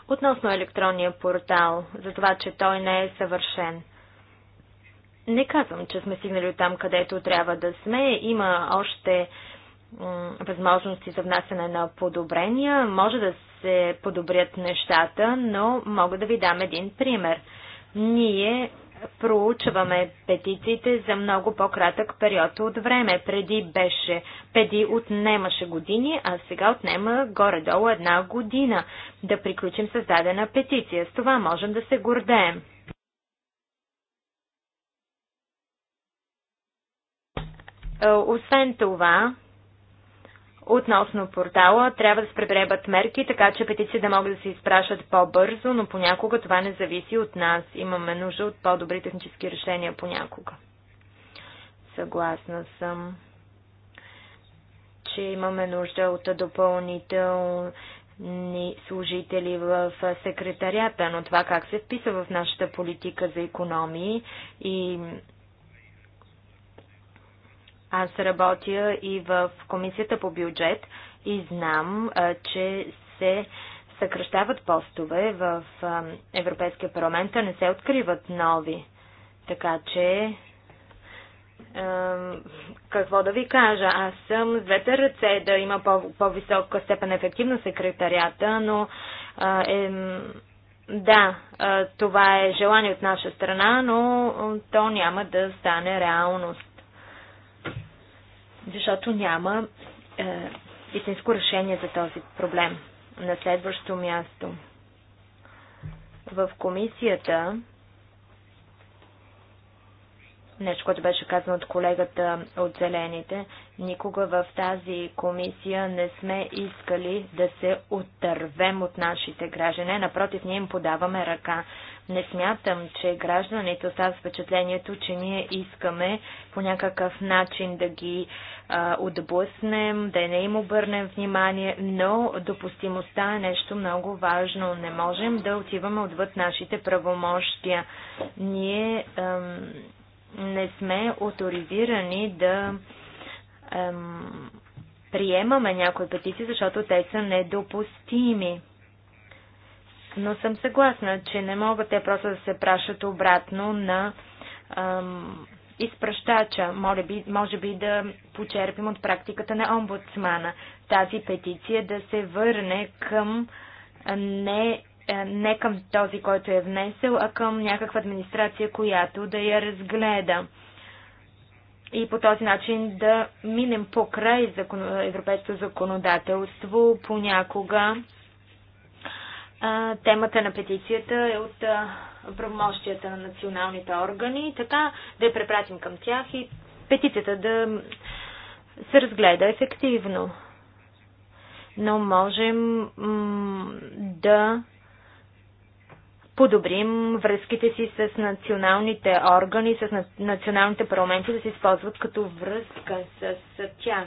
Относно електронния портал, за това, че той не е съвършен. Не казвам, че сме стигнали от там, където трябва да сме. Има още възможности за внасяне на подобрения. Може да се подобрят нещата, но мога да ви дам един пример. Ние проучваме петициите за много по-кратък период от време. Преди беше, преди отнемаше години, а сега отнема горе-долу една година да приключим създадена петиция. С това можем да се гордеем. Е, освен това, Относно портала, трябва да се препребат мерки, така че петиции да могат да се изпращат по-бързо, но понякога това не зависи от нас. Имаме нужда от по-добри технически решения понякога. Съгласна съм, че имаме нужда от допълнителни служители в секретарията, но това как се вписва в нашата политика за економии и аз работя и в Комисията по бюджет и знам, че се съкръщават постове в Европейския парламент, а не се откриват нови. Така че какво да ви кажа, аз съм с двете ръце да има по-висока по степен ефективно секретарията, но е, да, това е желание от наша страна, но то няма да стане реалност защото няма е, истинско решение за този проблем. На следващо място. В комисията, нещо, което беше казано от колегата от Зелените, никога в тази комисия не сме искали да се отървем от нашите граждани. Напротив, ние им подаваме ръка. Не смятам, че гражданите остават впечатлението, че ние искаме по някакъв начин да ги а, отблъснем, да не им обърнем внимание, но допустимостта е нещо много важно. Не можем да отиваме отвъд нашите правомощия. Ние ам, не сме авторизирани да ам, приемаме някои петиции, защото те са недопустими. Но съм съгласна, че не могат те просто да се пращат обратно на ам, изпращача. Може би, може би да почерпим от практиката на омбудсмана. Тази петиция да се върне към не, не към този, който е внесел, а към някаква администрация, която да я разгледа. И по този начин да минем по закон... европейското законодателство понякога темата на петицията е от правомощията на националните органи, така да я препратим към тях и петицията да се разгледа ефективно. Но можем да подобрим връзките си с националните органи, с националните парламенти, да се използват като връзка с тях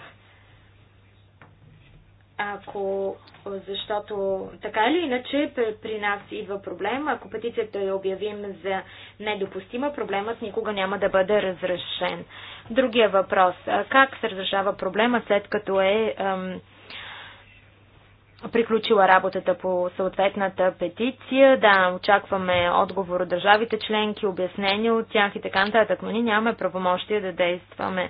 ако, защото така или иначе при нас идва проблем, ако петицията я обявим за недопустима, проблемът никога няма да бъде разрешен. Другия въпрос. Как се разрешава проблема след като е ам, приключила работата по съответната петиция? Да, очакваме отговор от държавите членки, обяснения от тях и така нататък, но ние нямаме правомощие да действаме.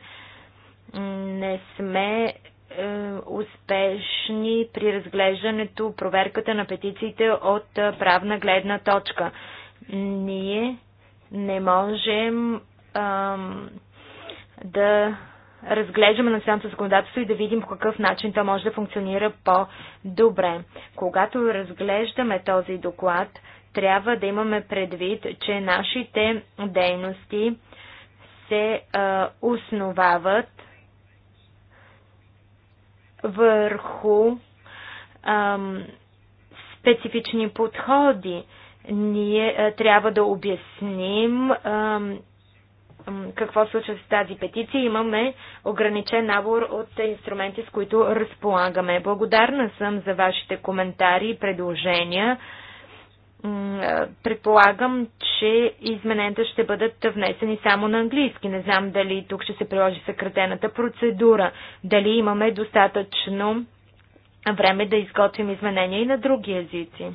Не сме е, успешни при разглеждането, проверката на петициите от е, правна гледна точка. Ние не можем ам, да разглеждаме националното законодателство и да видим по какъв начин то може да функционира по-добре. Когато разглеждаме този доклад, трябва да имаме предвид, че нашите дейности се а, основават върху ам, специфични подходи. Ние а, трябва да обясним ам, какво случва с тази петиция. Имаме ограничен набор от инструменти, с които разполагаме. Благодарна съм за вашите коментари и предложения предполагам, че измененията ще бъдат внесени само на английски. Не знам дали тук ще се приложи съкратената процедура, дали имаме достатъчно време да изготвим изменения и на други езици.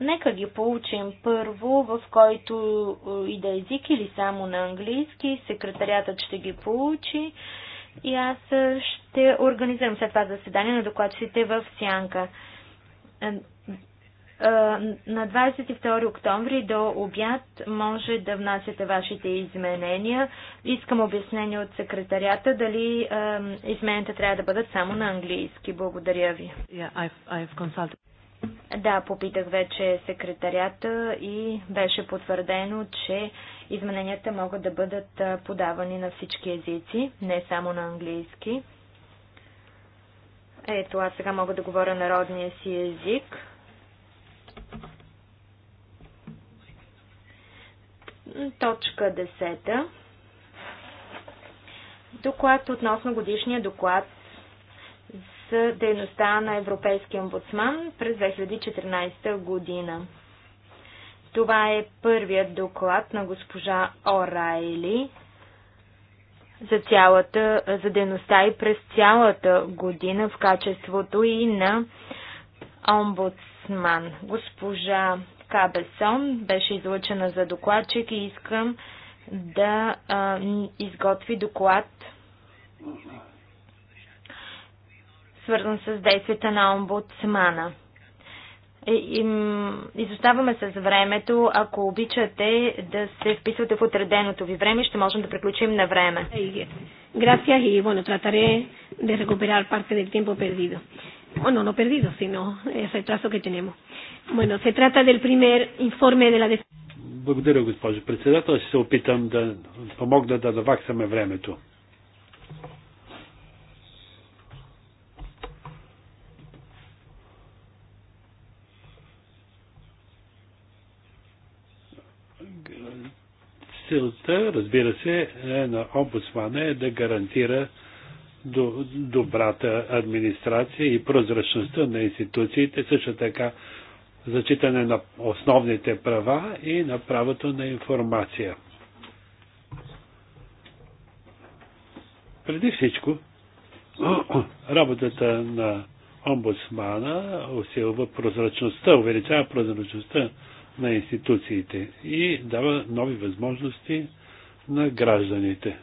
Нека ги получим първо, в който е, и да е език или само на английски. Секретарятът ще ги получи и аз е, ще организирам след това заседание на докладчиците в Сянка е, на 22 октомври до обяд може да внасяте вашите изменения. Искам обяснение от секретарята дали е, измененията трябва да бъдат само на английски. Благодаря ви. Yeah, I've, I've да, попитах вече секретарята и беше потвърдено, че измененията могат да бъдат е, подавани на всички езици, не само на английски. Ето, аз сега мога да говоря народния си език. Точка 10. Доклад относно годишния доклад за дейността на Европейския омбудсман през 2014 година. Това е първият доклад на госпожа Орайли за, цялата, за дейността и през цялата година в качеството и на омбудсман. Госпожа Кабесон беше излъчена за докладчик и искам да а, изготви доклад свързан с действията на омбудсмана. Е, изоставаме с времето. Ако обичате да се вписвате в отреденото ви време, ще можем да приключим на време. Gracias y bueno, trataré de recuperar parte del tiempo perdido bueno, oh, no perdido, sino el retraso que tenemos. Bueno, se trata del primer informe de la... Благодаря, госпожо председател. Ще се опитам да помогна да наваксаме времето. Целта, разбира се, е на омбудсмана е да гарантира до добрата администрация и прозрачността на институциите, също така зачитане на основните права и на правото на информация. Преди всичко, работата на омбудсмана усилва прозрачността, увеличава прозрачността на институциите и дава нови възможности на гражданите.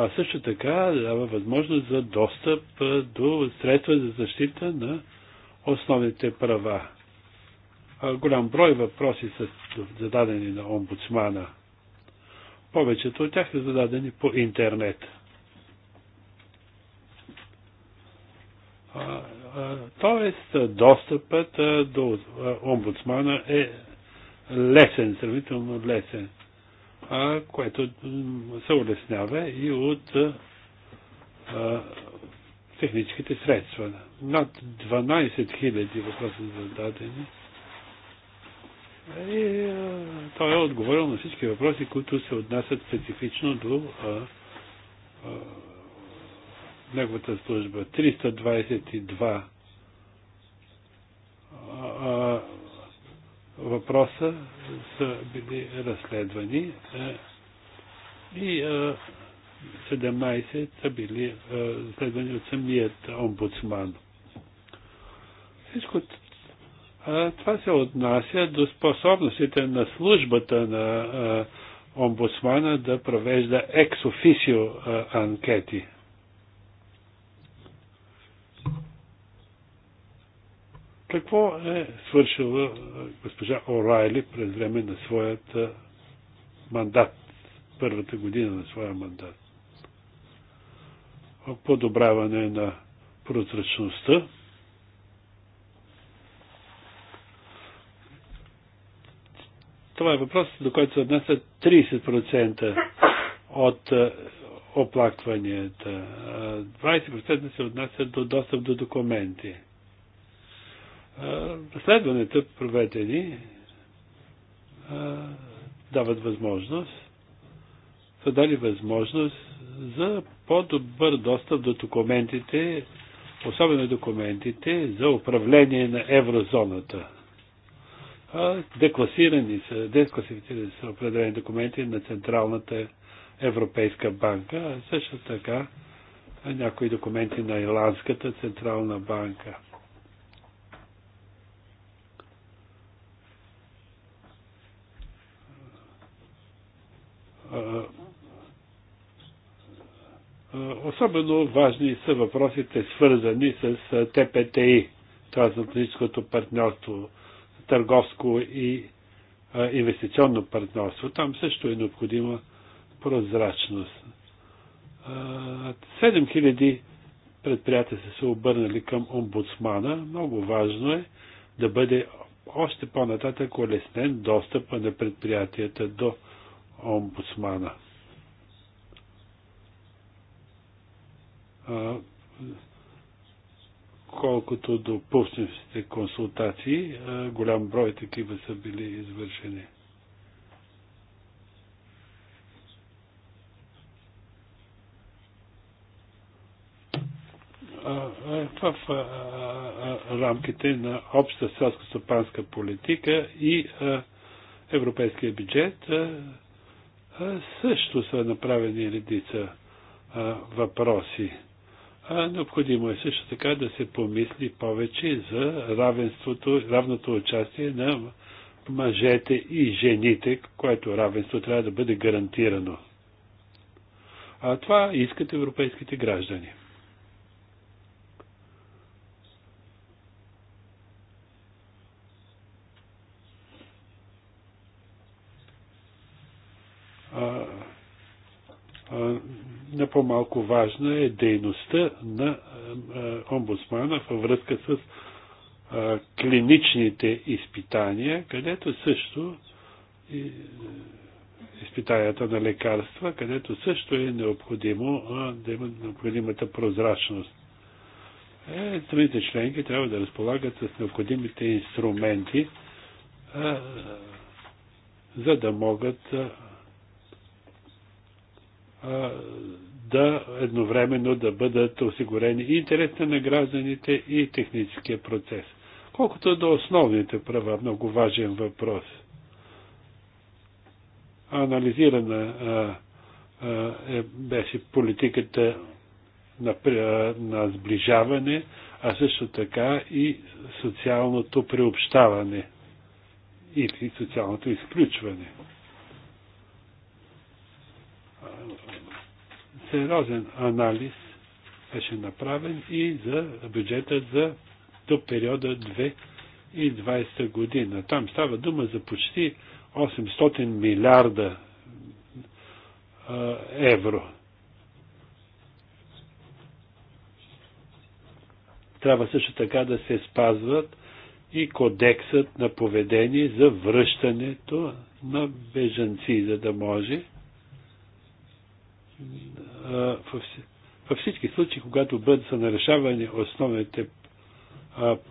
а също така дава възможност за достъп до средства за защита на основните права. Голям брой въпроси са зададени на омбудсмана. Повечето от тях са зададени по интернет. Тоест, достъпът до омбудсмана е лесен, сравнително лесен което се улеснява и от техническите средства. Над 12 000 въпроса зададени. И а, той е отговорил на всички въпроси, които се отнасят специфично до а, а, неговата служба. 322 а, а, въпроса са били разследвани е, и 17 е, са били е, разследвани от самият омбудсман. Всичко това се отнася до способностите на службата на омбудсмана да провежда екс-официо анкети. Какво е свършила е, госпожа Орайли през време на своят е, мандат, първата година на своя мандат? Подобряване на прозрачността, Това е въпрос, до който се отнася 30% от е, оплакванията. 20% се отнасят до достъп до документи. Разследването, проведени, дават възможност, са дали възможност за по-добър достъп до документите, особено документите за управление на еврозоната. Декласирани са, декласифицирани са определени документи на Централната Европейска банка, а също така някои документи на Ирландската Централна банка. Особено важни са въпросите, свързани с ТПТИ, трансатлантическото партньорство, търговско и инвестиционно партньорство. Там също е необходима прозрачност. 7000 предприятия са се обърнали към омбудсмана. Много важно е да бъде още по-нататък улеснен достъпа на предприятията до омбудсмана. Колкото до пусневите консултации, голям брой такива са били извършени. в рамките на обща селско-стопанска политика и европейския бюджет също са направени редица въпроси. Необходимо е също така да се помисли повече за равенството, равното участие на мъжете и жените, което равенство трябва да бъде гарантирано. А това искат европейските граждани. не по-малко важна е дейността на омбудсмана във връзка с клиничните изпитания, където също изпитанията на лекарства, където също е необходимо да има необходимата прозрачност. Е, страните членки трябва да разполагат с необходимите инструменти, за да могат да едновременно да бъдат осигурени и интересите на гражданите и техническия процес. Колкото до основните права, много важен въпрос. Анализирана а, а, е, беше политиката на, а, на сближаване, а също така и социалното приобщаване или социалното изключване. сериозен анализ беше направен и за бюджета за до периода 2020 година. Там става дума за почти 800 милиарда евро. Трябва също така да се спазват и кодексът на поведение за връщането на бежанци, за да може във всички случаи, когато бъдат са нарешавани основните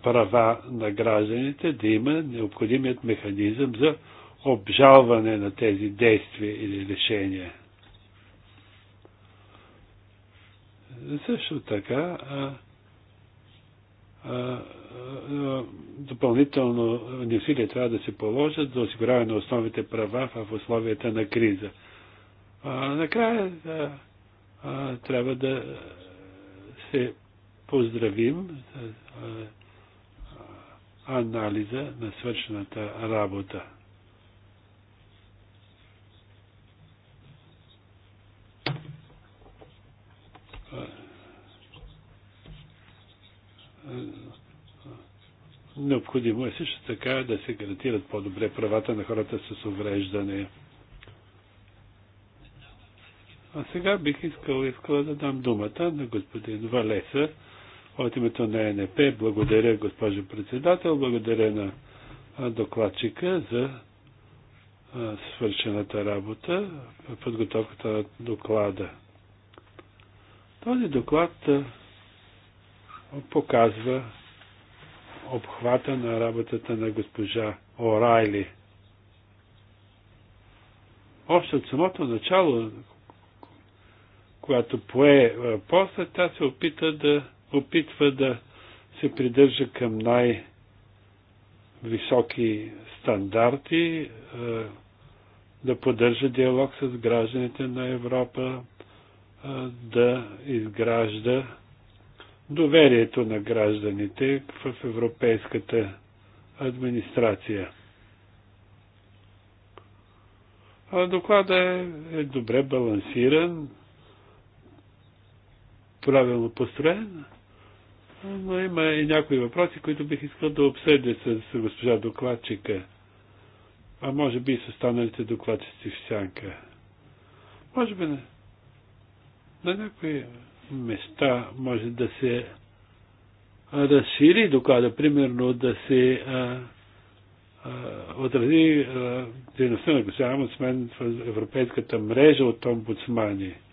права на гражданите, да има необходимият механизъм за обжалване на тези действия или решения. Също така, допълнително усилия трябва да се положат за осигуряване на основните права в условията на криза накрая трябва да се поздравим с анализа на свършената работа. Необходимо е също така да се гарантират по-добре правата на хората с увреждане. А сега бих искал, искал да дам думата на господин Валеса от името на ЕНП. Благодаря, госпожо председател, благодаря на докладчика за свършената работа в подготовката на доклада. Този доклад показва обхвата на работата на госпожа Орайли. Още от самото начало, която пое е, поста, тя се опита да, опитва да се придържа към най-високи стандарти, е, да поддържа диалог с гражданите на Европа, е, да изгражда доверието на гражданите в европейската администрация. Докладът е, е добре балансиран, правилно построен, но има и някои въпроси, които бих искал да обсъдя с госпожа докладчика, а може би и с останалите докладчици в сянка. Може би на, на някои места може да се разшири доклада, примерно да се а, а, отрази дейността на госпожа Амусмен в Европейската мрежа от омбудсмани –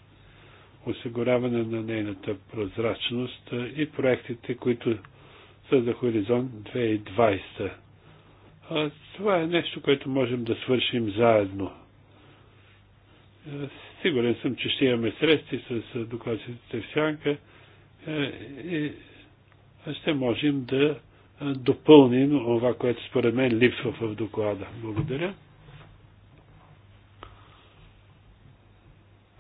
осигуряване на нейната прозрачност и проектите, които са за хоризонт 2020. А това е нещо, което можем да свършим заедно. Сигурен съм, че ще имаме срещи с докладчиците в Сянка и ще можем да допълним това, което според мен липсва в доклада. Благодаря.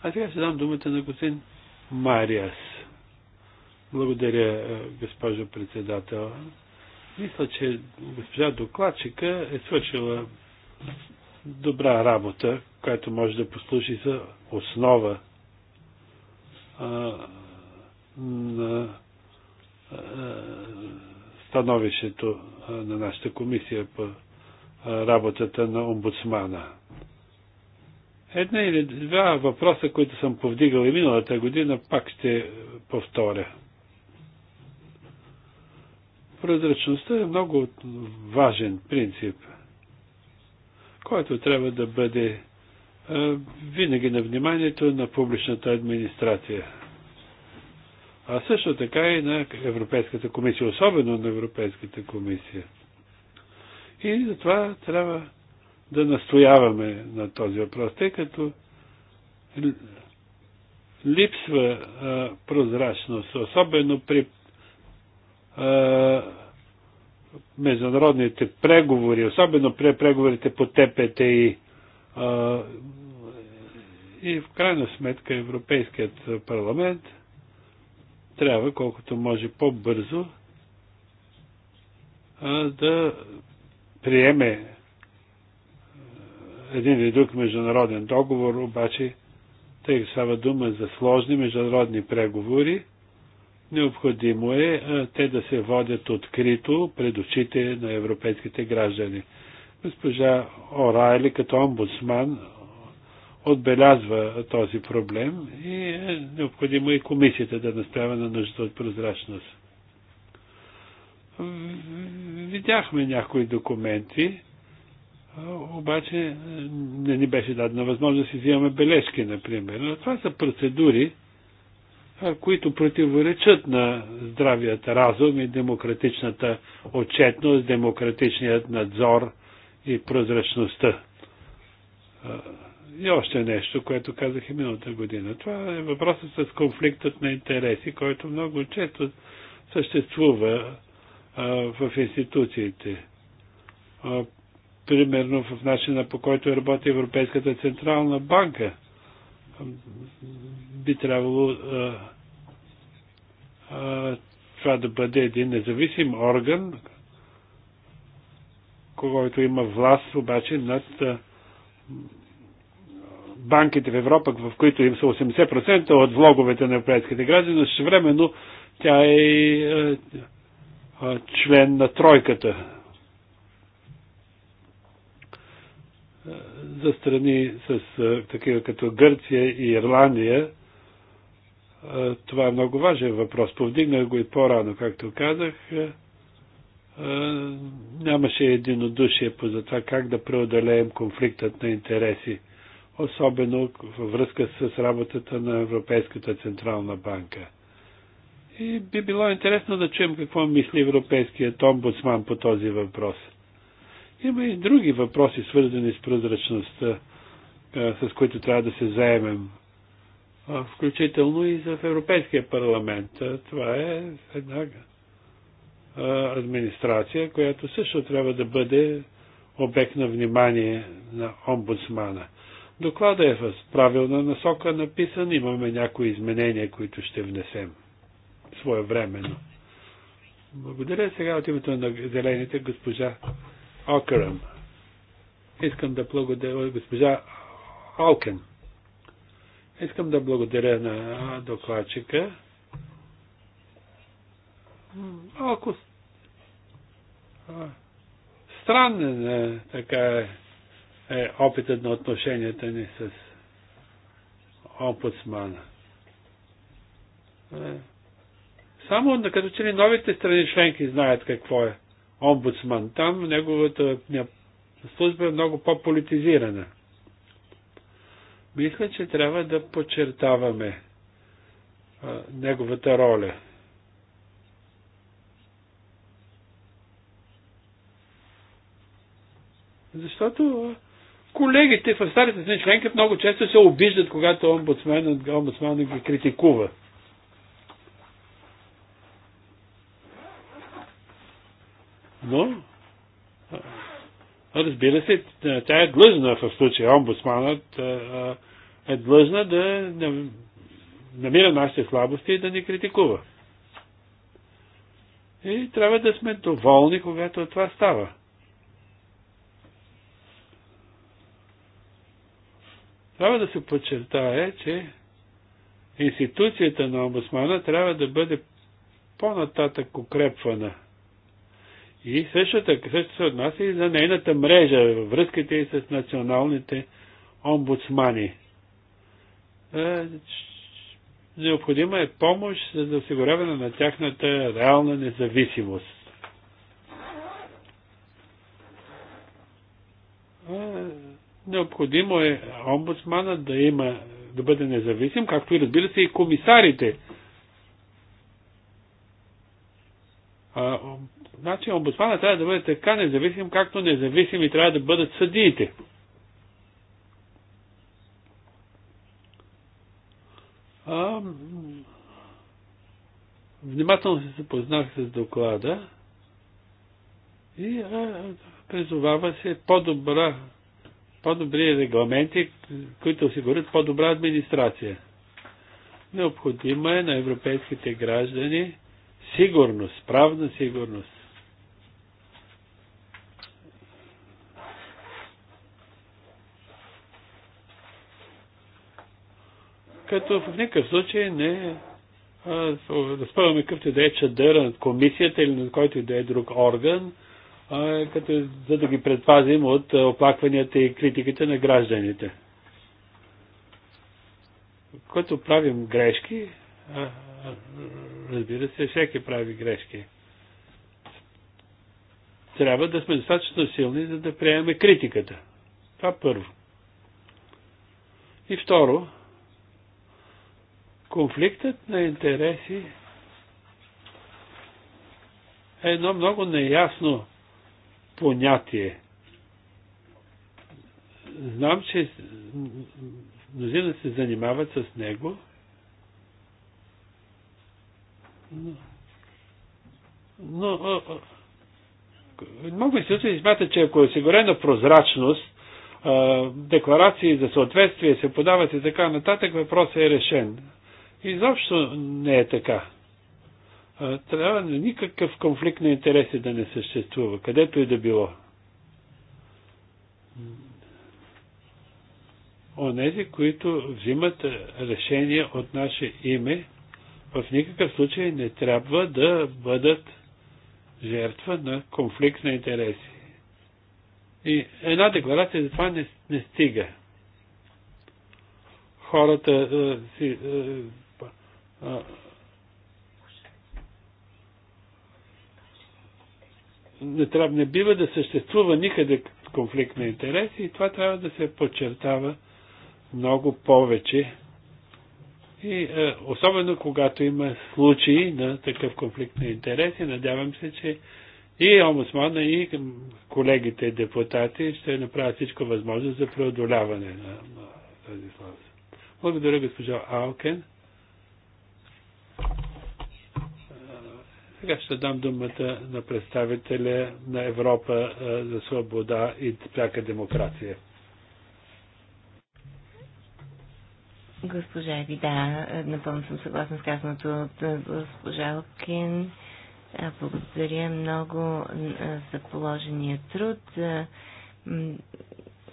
А сега ще дам думата на господин Мариас. Благодаря, е, госпожо председател. Мисля, че госпожа докладчика е свършила добра работа, която може да послужи за основа а, на а, становището на нашата комисия по работата на омбудсмана. Една или два въпроса, които съм повдигал и миналата година, пак ще повторя. Прозрачността е много важен принцип, който трябва да бъде е, винаги на вниманието на публичната администрация. А също така и на Европейската комисия, особено на Европейската комисия. И затова трябва да настояваме на този въпрос, тъй като липсва а, прозрачност, особено при а, международните преговори, особено при преговорите по ТПТИ. А, и в крайна сметка Европейският парламент трябва колкото може по-бързо да приеме един или друг международен договор, обаче, тъй става дума за сложни международни преговори, необходимо е те да се водят открито пред очите на европейските граждани. Госпожа Орайли като омбудсман отбелязва този проблем и е необходимо и е комисията да настоява на нуждата от прозрачност. Видяхме някои документи, обаче е, не ни беше дадена възможност да си взимаме бележки, например. Но това са процедури, които противоречат на здравият разум и демократичната отчетност, демократичният надзор и прозрачността. И още нещо, което казах и миналата година. Това е въпросът с конфликтът на интереси, който много често съществува в институциите примерно в начина по който работи Европейската централна банка. Би трябвало а, а, това да бъде един независим орган, който има власт обаче над банките в Европа, в които им са 80% от влоговете на европейските граждани, но същевременно тя е член на тройката за страни с такива като Гърция и Ирландия, това е много важен въпрос. Повдигнах го и по-рано, както казах. Нямаше единодушие по за това как да преодолеем конфликтът на интереси, особено във връзка с работата на Европейската Централна банка. И би било интересно да чуем какво мисли Европейският омбудсман по този въпрос – има и други въпроси, свързани с прозрачността, с които трябва да се заемем. Включително и в Европейския парламент. Това е една администрация, която също трябва да бъде обект на внимание на омбудсмана. Доклада е в правилна насока написан, имаме някои изменения, които ще внесем своевременно. Благодаря сега от името на зелените госпожа Окъръм. Искам да благодаря госпожа Алкен. Искам да благодаря на докладчика. Малко странен е, така е, е опитът на отношенията ни с омбудсмана. Е, само като че ли новите страни членки знаят какво е омбудсман там, неговата служба е много по-политизирана. Мисля, че трябва да подчертаваме а, неговата роля. Защото колегите в старите страни членки много често се обиждат, когато омбудсманът, омбудсманът ги критикува. Но, uh, разбира се, тя е длъжна в случая, омбудсманът е, е, е длъжна да намира нашите слабости и да ни критикува. И трябва да сме доволни, когато това става. Трябва да се подчертае, че институцията на омбусмана трябва да бъде по-нататък укрепвана. И също така също се отнася и за нейната мрежа, връзките и с националните омбудсмани. Е, необходима е помощ за осигуряване на тяхната реална независимост. Е, необходимо е омбудсмана да има, да бъде независим, както и разбира се и комисарите. Значи омбудсмана трябва да бъде така независим, както независими трябва да бъдат съдиите. А, внимателно се запознах с доклада и а, призовава се по-добра, по-добри регламенти, които осигурят по-добра администрация. Необходимо е на европейските граждани сигурност, правна сигурност. като в никакъв случай не да спъваме какъвто да е чадър над комисията или над който и да е друг орган, а, като, за да ги предпазим от оплакванията и критиките на гражданите. Когато правим грешки, а, разбира се, всеки прави грешки. Трябва да сме достатъчно силни, за да приемем критиката. Това първо. И второ, Конфликтът на интереси е едно много неясно понятие. Знам, че мнозина се занимават с него, но, но а, а, много институции смятат, че ако е осигурена прозрачност, декларации за съответствие се подават и така нататък, въпросът е решен. Изобщо не е така. Трябва никакъв конфликт на интереси да не съществува, където и да било. Онези, които взимат решение от наше име, в никакъв случай не трябва да бъдат жертва на конфликт на интереси. И една декларация за това не, не стига. Хората е, си е, не, трябва, не бива да съществува никъде конфликт на интереси и това трябва да се подчертава много повече. И е, особено когато има случаи на такъв конфликт на интереси, надявам се, че и омбудсмана, и колегите депутати ще направят всичко възможно за преодоляване на, на тази слабост. Благодаря, госпожа Алкен. Сега ще дам думата на представителя на Европа е, за свобода и пряка демокрация. Госпожа Еви, да, е, напълно съм съгласна с казаното от е, госпожа Лапкин. Благодаря много за положения труд.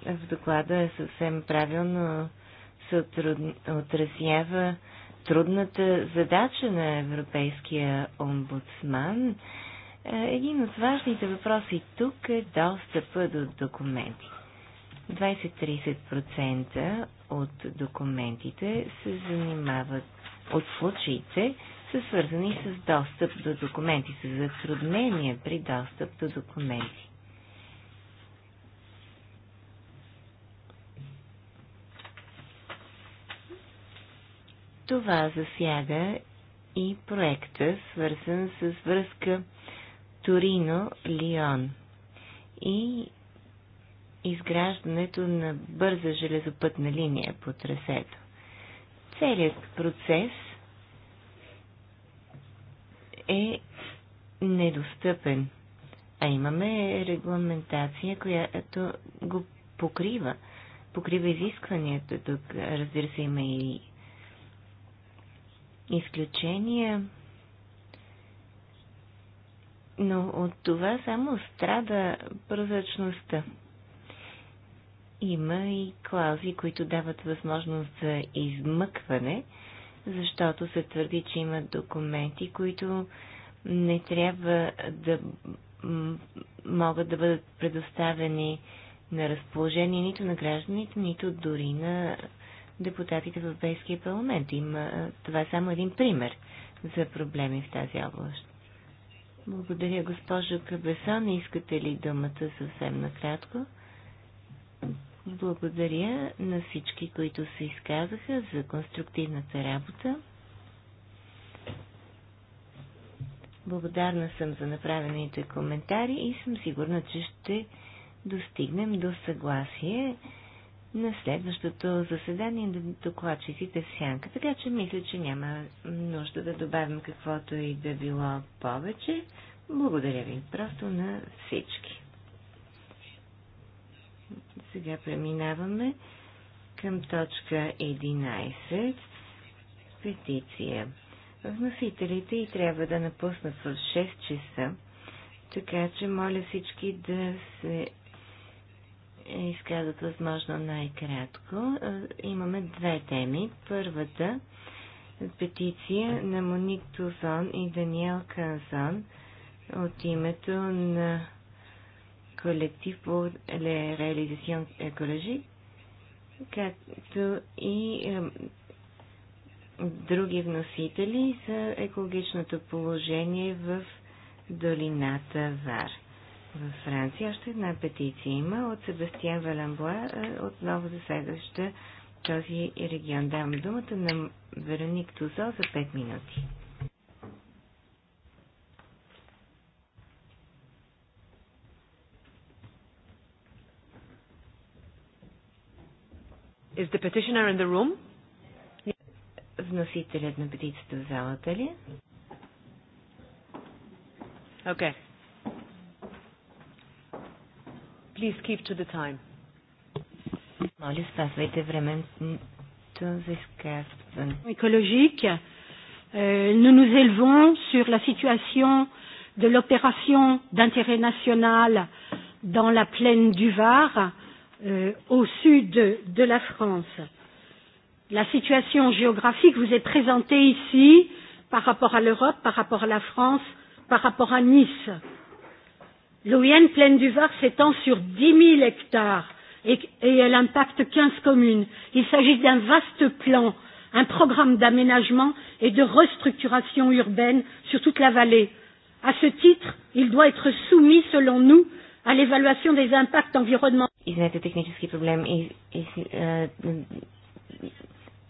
В доклада е съвсем правилно се отразява трудната задача на Европейския омбудсман, е, един от важните въпроси тук е достъпа до документи. 20-30% от документите се занимават от случаите, са свързани с достъп до документи, с затруднения при достъп до документи. Това засяга и проекта, свързан с връзка Торино-Лион и изграждането на бърза железопътна линия по трасето. Целият процес е недостъпен, а имаме регламентация, която го покрива. Покрива изискванията тук. Разбира се, има и изключения, но от това само страда прозрачността. Има и клаузи, които дават възможност за измъкване, защото се твърди, че има документи, които не трябва да могат да бъдат предоставени на разположение нито на гражданите, нито дори на депутатите в Европейския парламент. Има, това е само един пример за проблеми в тази област. Благодаря, госпожо Не Искате ли думата съвсем накратко? Благодаря на всички, които се изказаха за конструктивната работа. Благодарна съм за направените коментари и съм сигурна, че ще достигнем до съгласие на следващото заседание на докладчиците в сянка. Така че мисля, че няма нужда да добавим каквото и да било повече. Благодаря ви просто на всички. Сега преминаваме към точка 11. Петиция. Вносителите и трябва да напуснат в 6 часа, така че моля всички да се изказват възможно най-кратко. Е, имаме две теми. Първата петиция на Моник Тузон и Даниел Канзон от името на колектив по реализацион екологи, както и е, други вносители за екологичното положение в долината Вар. В Франция. Още една петиция има от Себастиан Валамбуа, е, отново следваща този регион. Давам думата на Вероник Тузо за 5 минути. Is the petitioner in the room? Вносителят на петицията в залата ли? Е? Okay. Please keep to the time. Моля, спазвайте времето за изказване. nous nous élevons sur la situation de l'opération d'intérêt national dans la plaine du Var, euh, au sud de la France. La situation géographique vous est présentée ici par rapport à l'Europe, par rapport à la France, par rapport à Nice. Euh, L'OIN Plaine du Var s'étend sur 10 000 hectares et, et elle impacte 15 communes. Il s'agit d'un vaste plan, un programme d'aménagement et de restructuration urbaine sur toute la vallée. À ce titre, il doit être soumis, selon nous, à l'évaluation des impacts environnementaux.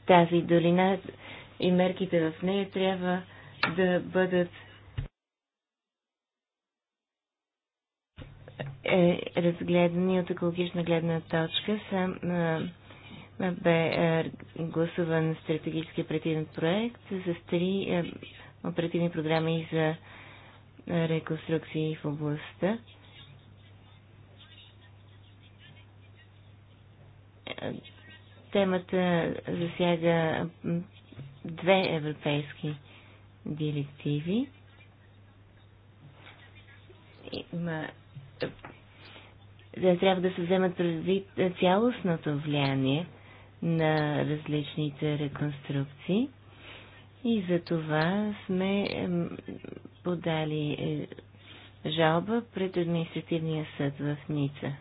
тази долина и мерките в нея трябва да бъдат е, разгледани от екологична гледна точка, са, е, бе е, гласуван стратегически оперативен проект с три е, оперативни програми за реконструкции в областта. Темата засяга две европейски директиви. Има да, трябва да се вземат предвид е, цялостното влияние на различните реконструкции. И за това сме подали е, жалба пред административния съд в Ница.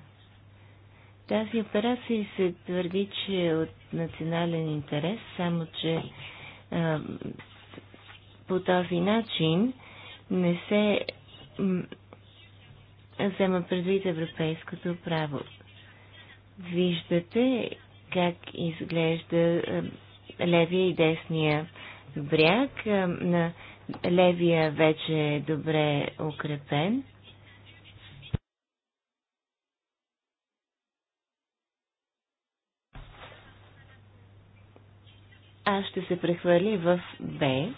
Тази операция се твърди, че е от национален интерес, само че а, по този начин не се взема предвид европейското право. Виждате как изглежда е, левия и десния бряг. Е, на левия вече е добре укрепен. А ще се прехвърли в Б,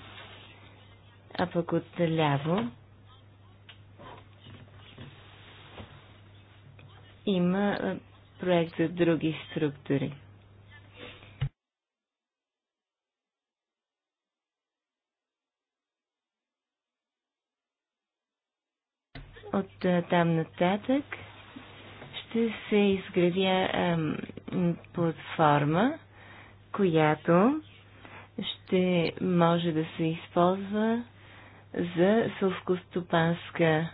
а пък от ляво има проект за други структури. От там нататък ще се изградя платформа, която ще може да се използва за съвкостопанска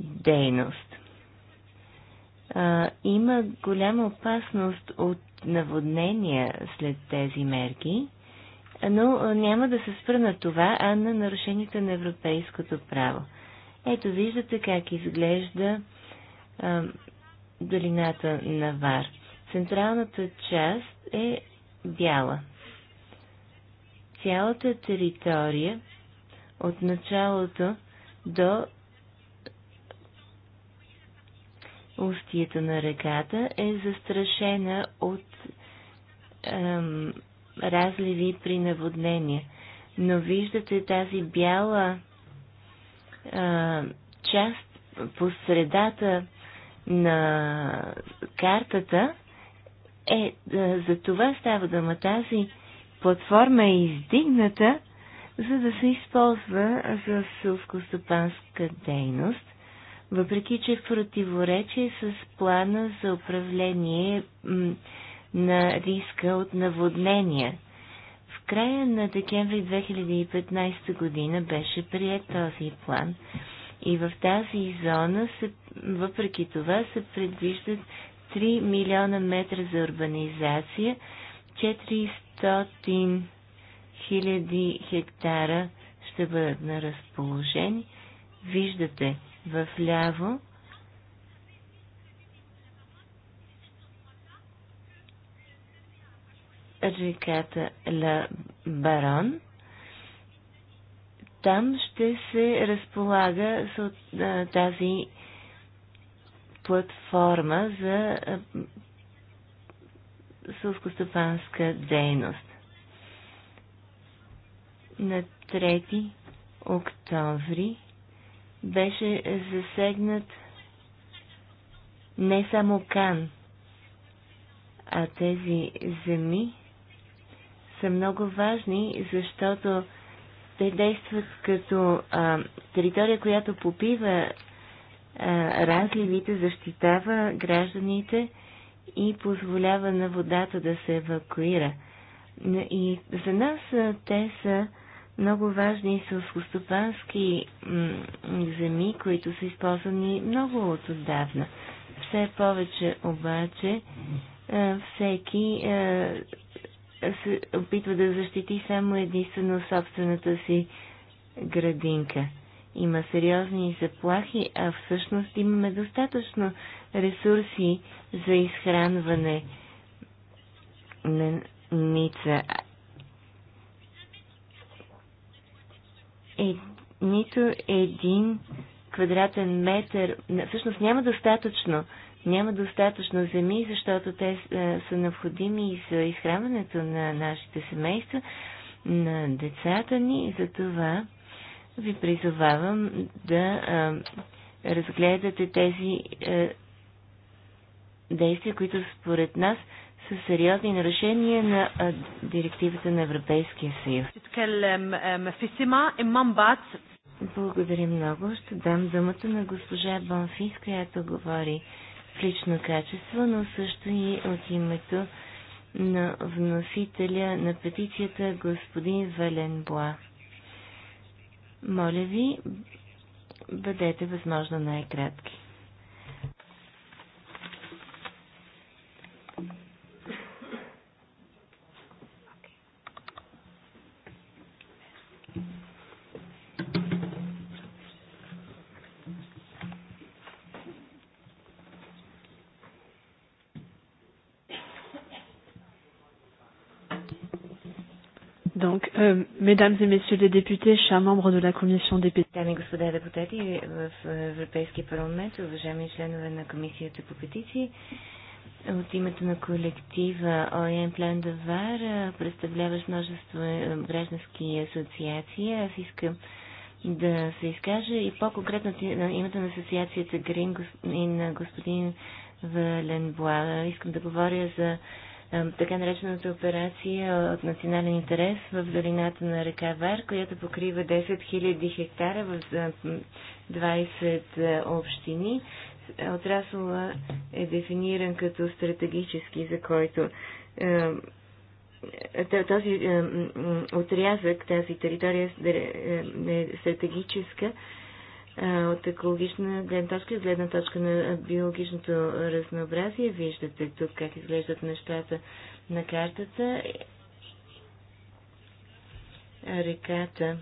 дейност а, има голяма опасност от наводнения след тези мерки, но няма да се спра на това, а на нарушенията на европейското право. Ето виждате как изглежда а, долината на Вар. Централната част е бяла. Цялата територия от началото до устието на реката е застрашена от ем, разливи при наводнение. Но виждате тази бяла е, част по средата на картата е, е за това става дума. Тази платформа е издигната, за да се използва за селско дейност въпреки че е в противоречие с плана за управление на риска от наводнения. В края на декември 2015 година беше прият този план и в тази зона, се, въпреки това, се предвиждат 3 милиона метра за урбанизация, 400 хиляди хектара ще бъдат на разположение. Виждате, в ляво. реката Ла Барон. Там ще се разполага тази платформа за сълскостопанска дейност. На 3 октомври беше засегнат не само Кан, а тези земи са много важни, защото те действат като а, територия, която попива а, разливите, защитава гражданите и позволява на водата да се евакуира. И за нас а, те са много важни селскостопански земи, които са използвани много от отдавна. Все повече обаче всеки се опитва да защити само единствено собствената си градинка. Има сериозни заплахи, а всъщност имаме достатъчно ресурси за изхранване на ница. е, нито един квадратен метър, всъщност няма достатъчно, няма достатъчно земи, защото те е, са необходими и за изхранването на нашите семейства, на децата ни и за това ви призовавам да е, разгледате тези е, действия, които според нас са сериозни нарушения на а, директивата на Европейския съюз. Благодаря много. Ще дам думата на госпожа Бонфис, която говори в лично качество, но също и от името на вносителя на петицията господин Вален Буа. Моля ви, бъдете възможно най-кратки. Donc, euh, mesdames et messieurs les députés, chers membres de la commission des pétitions. Дами и господа депутати в Европейския парламент, уважаеми членове на комисията по петиции, от името на колектива ОЕМ План Давар, представляваш множество е, граждански асоциации, аз искам да се изкажа и по-конкретно на името на асоциацията Грин и на господин Валенбуа. Искам да говоря за така наречената операция от национален интерес в долината на река Вар, която покрива 10 000 хектара в 20 общини. Отрасъла е дефиниран като стратегически, за който този отрязък, тази територия е, е, е стратегическа от екологична гледна точка от гледна точка на биологичното разнообразие. Виждате тук как изглеждат нещата на картата. Реката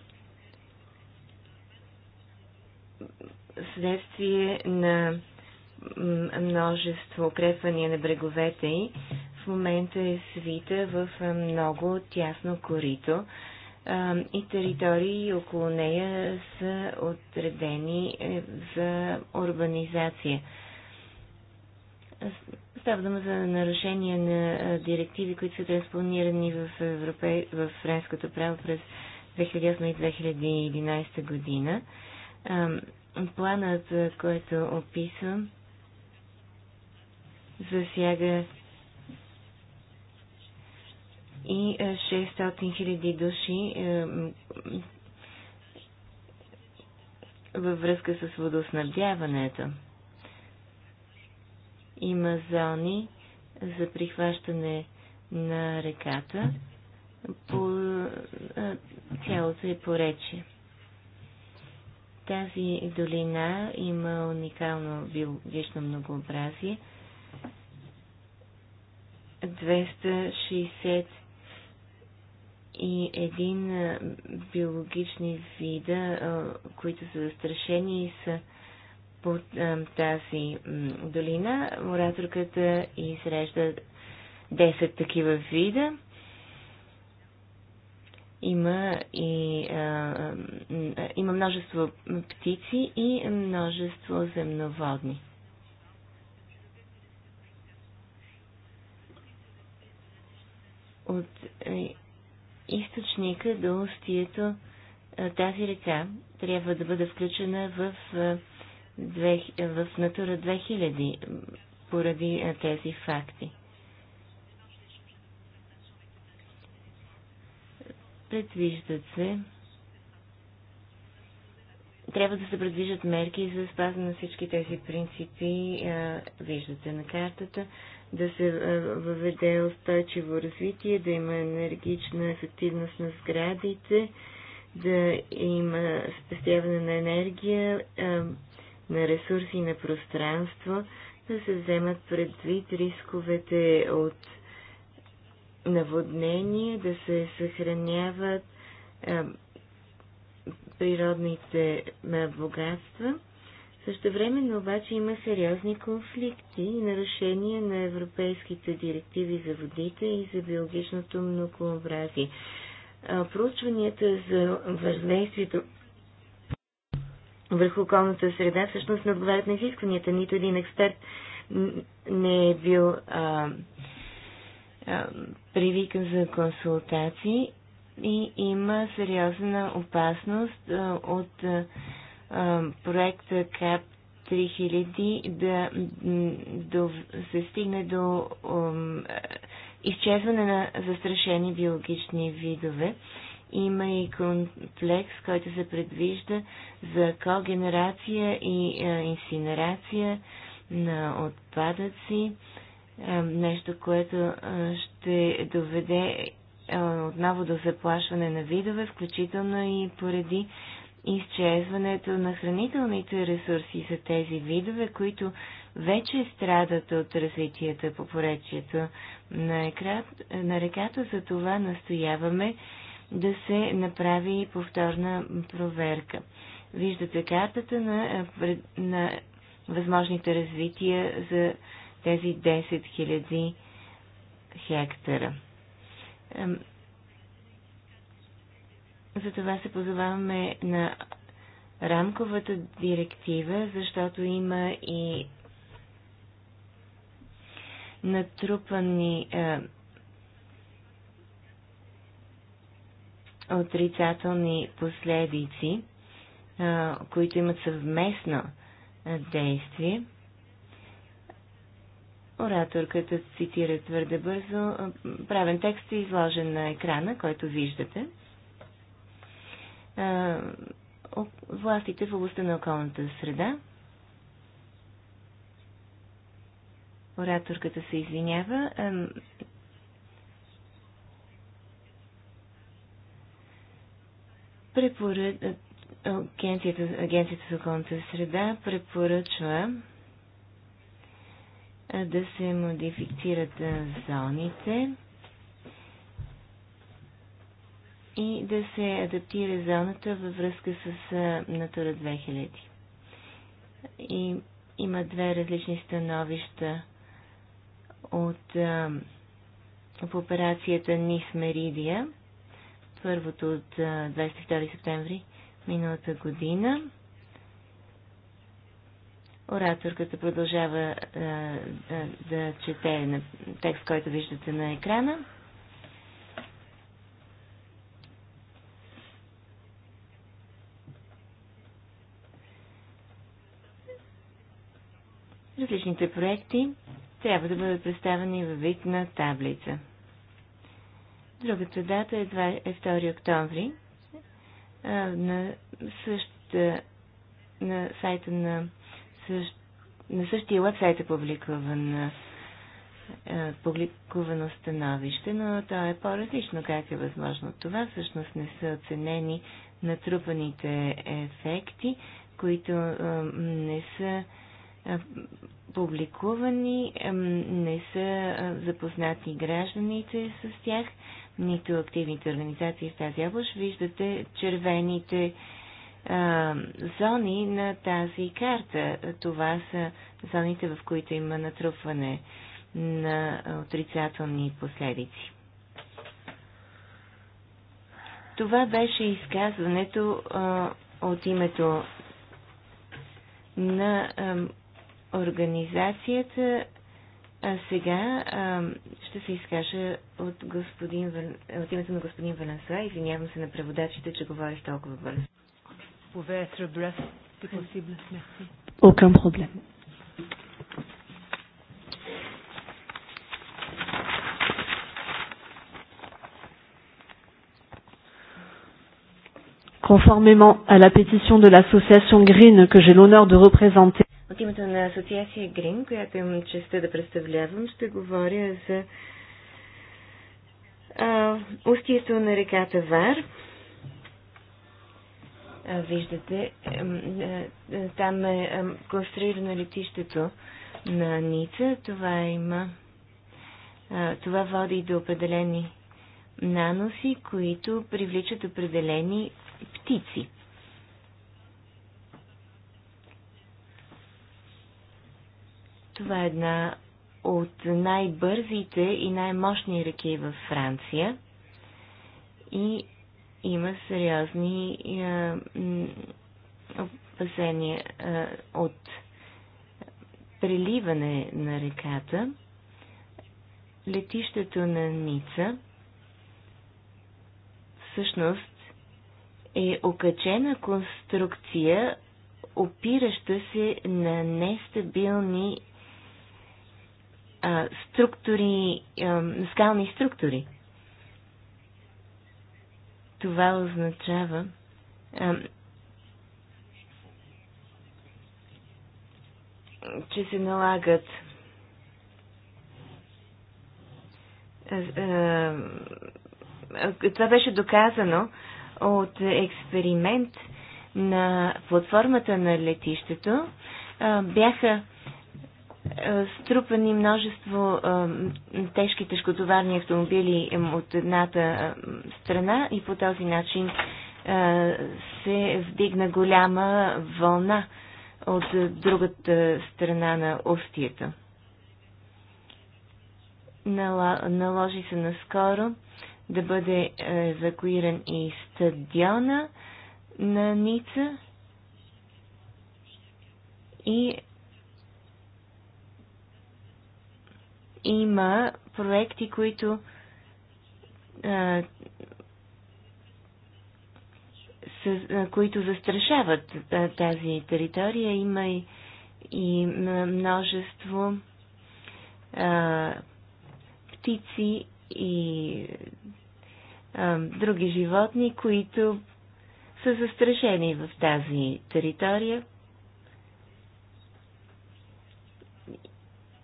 следствие на множество укрепвания на бреговете й, в момента е свита в много тясно корито и територии около нея са отредени е, за урбанизация. Става дума за нарушение на директиви, които са транспонирани в, европе... в френското право през 2008 и 2011 година. Планът, който описвам, засяга и 600 е, хиляди души е, във връзка с водоснабдяването. Има зони за прихващане на реката по е, цялото е поречие. Тази долина има уникално биологично многообразие. 260 и един биологични вида, които са застрашени и са под тази долина. Ораторката изрежда 10 такива вида. Има и има множество птици и множество земноводни. От е, източника до устието тази река трябва да бъде включена в, в Натура 2000 поради тези факти. Предвиждат се трябва да се предвижат мерки за спазване на всички тези принципи. Виждате на картата да се е, въведе устойчиво развитие, да има енергична ефективност на сградите, да има спестяване на енергия, е, на ресурси и на пространство, да се вземат предвид рисковете от наводнение, да се съхраняват е, природните богатства също но обаче има сериозни конфликти и нарушения на европейските директиви за водите и за биологичното многообразие. Проучванията за въздействието върху околната среда всъщност не отговарят на изискванията. Нито един експерт не е бил а, а, привикан за консултации и има сериозна опасност а, от а, проекта КАП 3000 да, да се стигне до изчезване на застрашени биологични видове. Има и комплекс, който се предвижда за когенерация и инсинерация на отпадъци, нещо, което ще доведе отново до заплашване на видове, включително и поради изчезването на хранителните ресурси за тези видове, които вече страдат от развитията по поречието на, на реката. За това настояваме да се направи повторна проверка. Виждате картата на, на възможните развития за тези 10 000 хектара. Затова се позоваваме на рамковата директива, защото има и натрупани е, отрицателни последици, е, които имат съвместно е, действие. Ораторката цитира твърде бързо. Е, правен текст е изложен на екрана, който виждате властите в областта на околната среда. Ораторката се извинява. Препоръч... Агенцията, Агенцията за околната среда препоръчва да се модифицират зоните и да се адаптира зоната във връзка с Натура 2000. И има две различни становища от в операцията Нис Меридия, първото от 22 септември миналата година. Ораторката продължава да, да чете текст, който виждате на екрана. Различните проекти трябва да бъдат представени във вид на таблица. Другата дата е 2 е октомври. На, същата, на сайта на, същ, на същия вебсайт е публикуван, публикувано становище, но то е по-различно как е възможно. Това всъщност не са оценени натрупаните ефекти, които не са е, публикувани, не са е, запознати гражданите с тях, нито активните организации в тази област. Виждате червените е, зони на тази карта. Това са зоните, в които има натрупване на отрицателни последици. Това беше изказването а, от името на а, организацията. А сега а, ще се изкажа от, господин, от името на господин Валенсуа. Извинявам се на преводачите, че говорих толкова бързо. Aucun problème. Conformément à la pétition de l'association Green que j'ai l'honneur de représenter, от името на Асоциация Грин, която имам честа да представлявам, ще говоря за а, устието на реката Вар. А, виждате, а, а, е, там е конструирано летището на Ница. Това има. А, това води до определени наноси, които привличат определени птици. Това е една от най-бързите и най-мощни реки във Франция и има сериозни е, опасения е, от преливане на реката. Летището на Ница всъщност е окачена конструкция, опираща се на нестабилни а, структури, а, скални структури. Това означава, а, че се налагат това беше доказано от експеримент на платформата на летището. Бяха е, струпани множество е, тежки тежкотоварни автомобили от едната е, страна и по този начин се вдигна голяма вълна от другата страна на устието. Наложи се наскоро да бъде евакуиран и стадиона на Ница и има проекти, които а, с, а, които застрашават а, тази територия. Има и, и множество а, птици и а, други животни, които са застрашени в тази територия.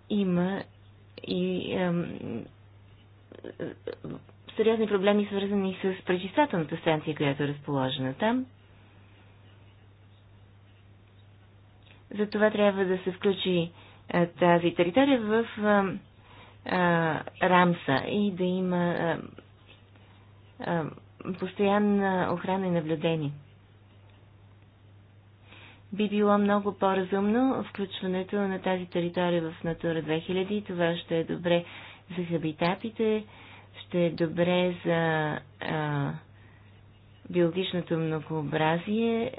Има и е, сериозни проблеми, свързани с пречистателната станция, която е разположена там. За това трябва да се включи е, тази територия в е, е, Рамса и да има е, е, постоянна охрана и наблюдение би било много по-разумно включването на тази територия в Натура 2000 и това ще е добре за хабитатите, ще е добре за а, биологичното многообразие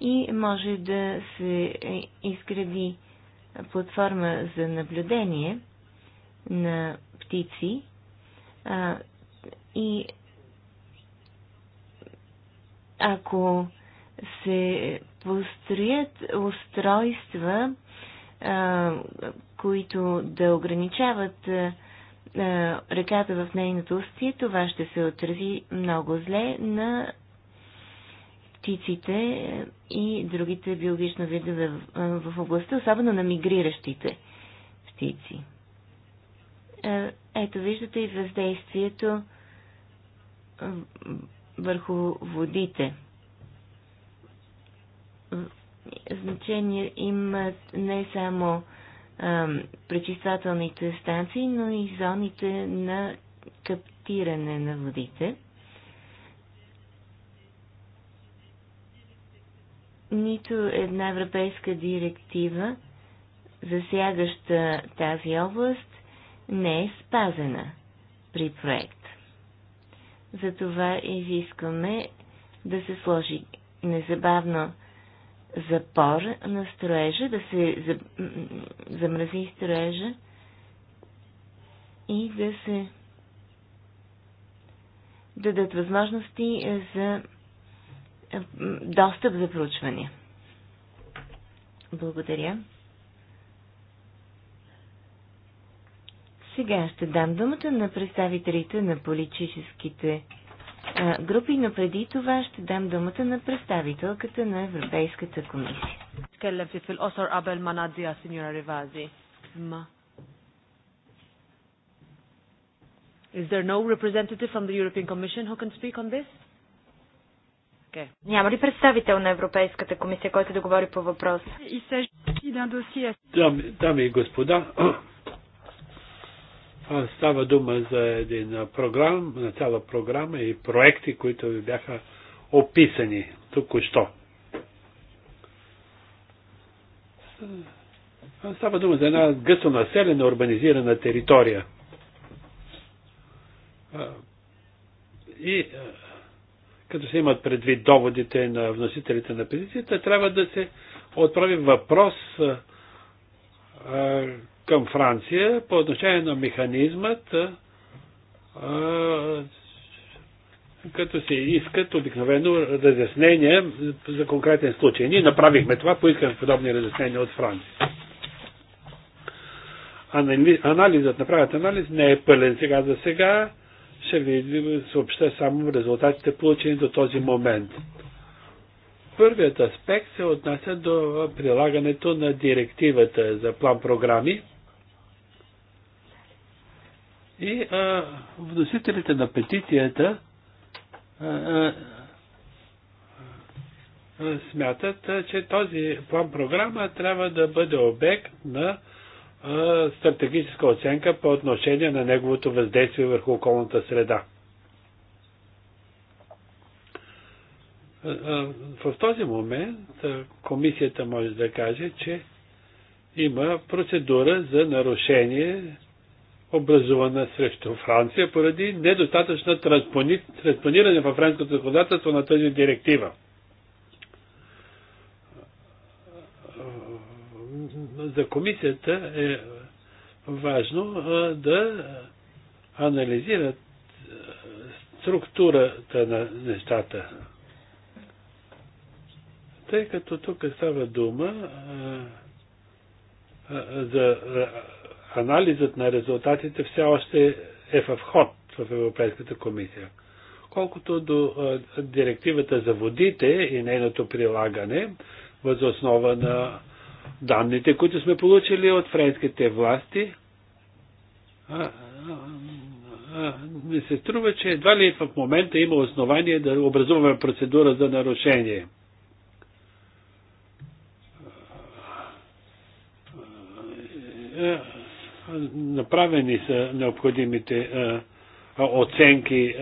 и може да се е, изгради платформа за наблюдение на птици а, и ако се построят устройства, които да ограничават реката в нейното устие, това ще се отрази много зле на птиците и другите биологично видове в областта, особено на мигриращите птици. Ето виждате и въздействието върху водите значение имат не само пречиствателните станции, но и зоните на каптиране на водите. Нито една европейска директива, засягаща тази област, не е спазена при проект. Затова изискваме да се сложи незабавно запор на строежа, да се замрази строежа и да се дадат възможности е, за е, достъп за проучвания. Благодаря. Сега ще дам думата на представителите на политическите групи, но преди това ще дам думата на представителката на Европейската комисия. Tkellem fi fil-qosor qabel ma ngħaddiha Sinjura Rivazi. Imma. Is there no representative from the European Commission who can speak on this? Okay. Няма ли представител на Европейската комисия, който да говори по въпроса? Дами, дами и господа, Става дума за един програм, на цяла програма и проекти, които ви бяха описани току-що. Става дума за една гъсто населена, урбанизирана територия. И като се имат предвид доводите на вносителите на петицията, трябва да се отправи въпрос към Франция по отношение на механизмът, като се искат обикновено разяснения за конкретен случай. Ние направихме това, поискахме подобни разяснения от Франция. Анализът, направят анализ, не е пълен сега за сега. Ще ви съобща само резултатите, получени до този момент. Първият аспект се отнася до прилагането на директивата за план-програми – и а, вносителите на петицията а, а, смятат, а, че този план-програма трябва да бъде обект на а, стратегическа оценка по отношение на неговото въздействие върху околната среда. в този момент комисията може да каже, че има процедура за нарушение образувана срещу Франция поради недостатъчно транспониране във френското законодателство на тази директива. За комисията е важно да анализират структурата на нещата. Тъй като тук става дума за анализът на резултатите все още е в ход в Европейската комисия. Колкото до директивата за водите и нейното прилагане, въз основа на данните, които сме получили от френските власти, ми се струва, че едва ли в момента има основание да образуваме процедура за нарушение направени са необходимите оценки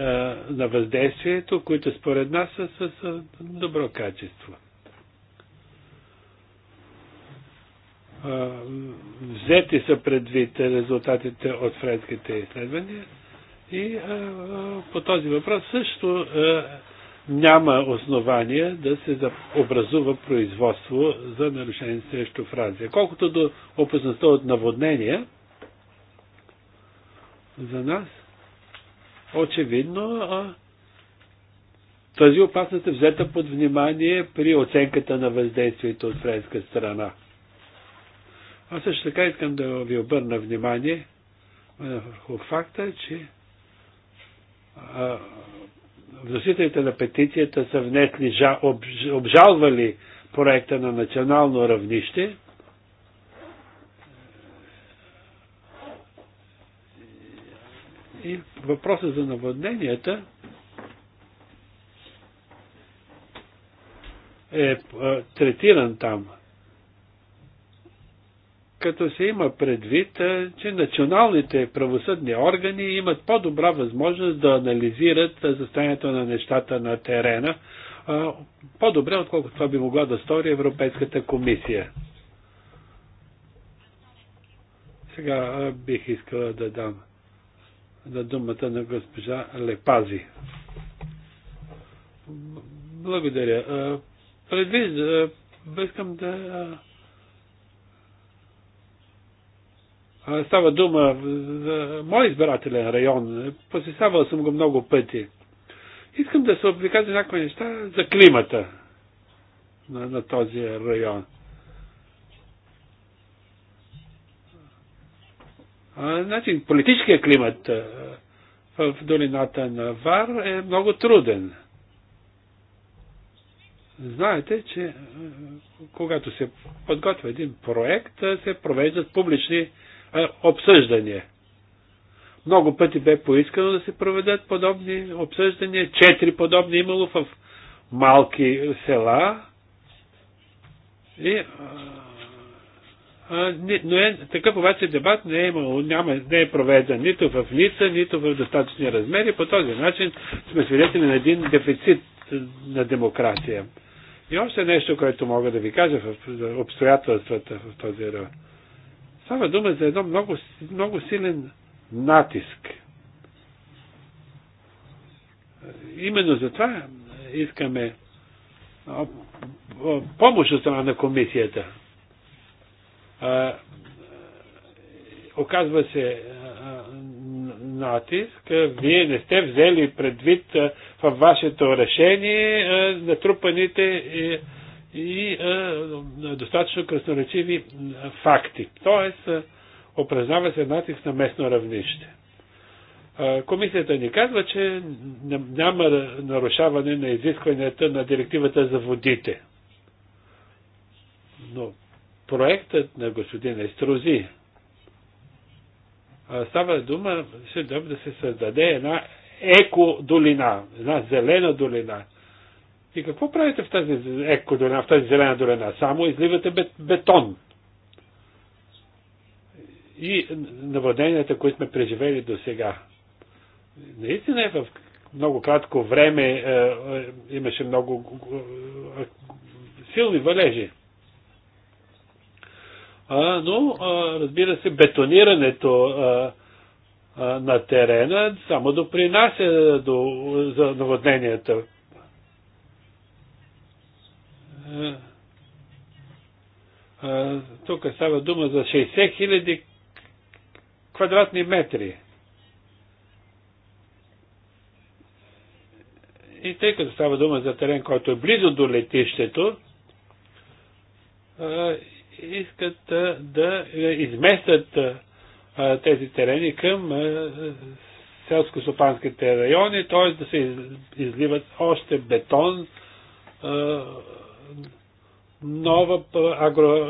на въздействието, които според нас са с добро качество. Взети са предвид резултатите от френските изследвания и по този въпрос също няма основания да се образува производство за нарушение срещу Франция. Колкото до опасността от наводнения, за нас, очевидно, а, тази опасност е взета под внимание при оценката на въздействието от френска страна. Аз също така искам да ви обърна внимание върху факта, че а, вносителите на петицията са внесли, обжалвали проекта на национално равнище И въпроса за наводненията е, е третиран там. Като се има предвид, е, че националните правосъдни органи имат по-добра възможност да анализират състоянието е, на нещата на терена, по-добре, отколкото това би могла да стори Европейската комисия. Сега бих искала да дам на думата на госпожа Лепази. Благодаря. Предвижда, искам да. Става дума за мой избирателен район. Посещавал съм го много пъти. Искам да се обвика някои неща за климата на, на този район. Значи, политическия климат в долината на Вар е много труден. Знаете, че когато се подготвя един проект, се провеждат публични обсъждания. Много пъти бе поискано да се проведат подобни обсъждания. Четири подобни имало в малки села. И но е, такъв обаче дебат не е, имало, няма, не е проведен нито в Ница, нито в достатъчни размери. По този начин сме свидетели на един дефицит на демокрация. И още нещо, което мога да ви кажа в обстоятелствата в този район. Става дума за едно много, много силен натиск. Именно за това искаме помощ от страна на комисията оказва се натиск, вие не сте взели предвид във вашето решение натрупаните е, и, и достатъчно красноречиви факти. Тоест, опразнава се натиск на местно равнище. Комисията ни казва, че няма нарушаване на изискванията на директивата за водите. Но проектът на господин Естрози. Става дума ще да се създаде една еко-долина, една зелена долина. И какво правите в тази еко-долина, в тази зелена долина? Само изливате бетон. И наводенията, които сме преживели до сега. Наистина е в много кратко време е, е, имаше много е, силни валежи. А, но, а, разбира се, бетонирането а, а, на терена само допринася до, за наводненията. тук става дума за 60 хиляди квадратни метри. И тъй като става дума за терен, който е близо до летището, искат да е, изместят тези терени към селско-сопанските райони, т.е. да се изливат още бетон, нова агро,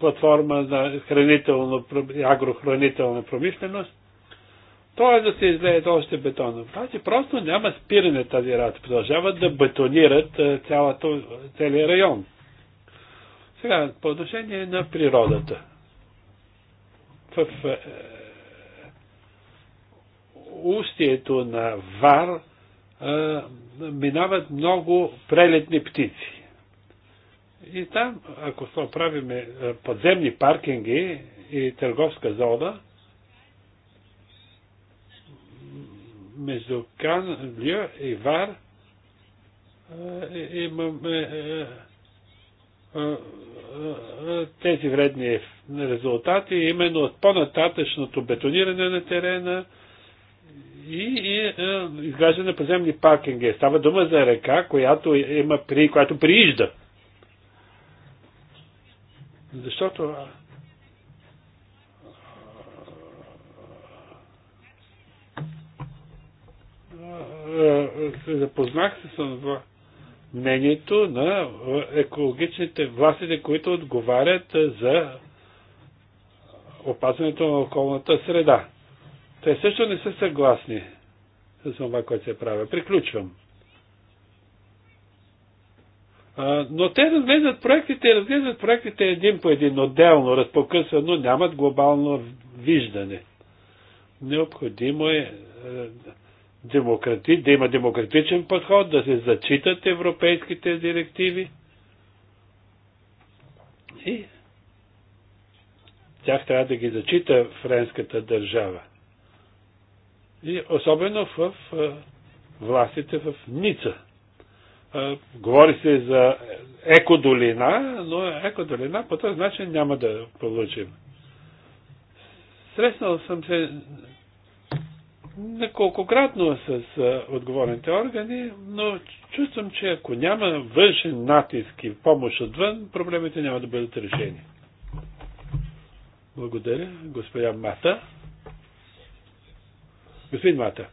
платформа на хранително, агрохранителна промишленост, т.е. да се излеят още бетон. Значи, просто няма спиране тази работа. Продължават да бетонират цялата, целият район. Сега, по отношение на природата. В е, устието на Вар е, минават много прелетни птици. И там, ако се правим е, подземни паркинги и търговска зона, между Кан, Льо и Вар е, имаме тези вредни резултати именно от по-нататъчното бетониране на терена и, и изграждане на подземни паркинги. Става дума за река, която, има при, която приижда. Защото запознах се с това, мнението на екологичните властите, които отговарят за опазването на околната среда. Те също не са съгласни с това, което се прави. Приключвам. Но те разглеждат проектите, разглеждат проектите един по един, отделно, разпокъсано, нямат глобално виждане. Необходимо е демократи, да има демократичен подход, да се зачитат европейските директиви и тях трябва да ги зачита френската държава. И особено в властите в Ница. Говори се за екодолина, но екодолина по този начин няма да получим. Среснал съм се неколкократно е с отговорните органи, но чувствам, че ако няма външен натиск и помощ отвън, проблемите няма да бъдат решени. Благодаря, господя Мата. Господин Мата,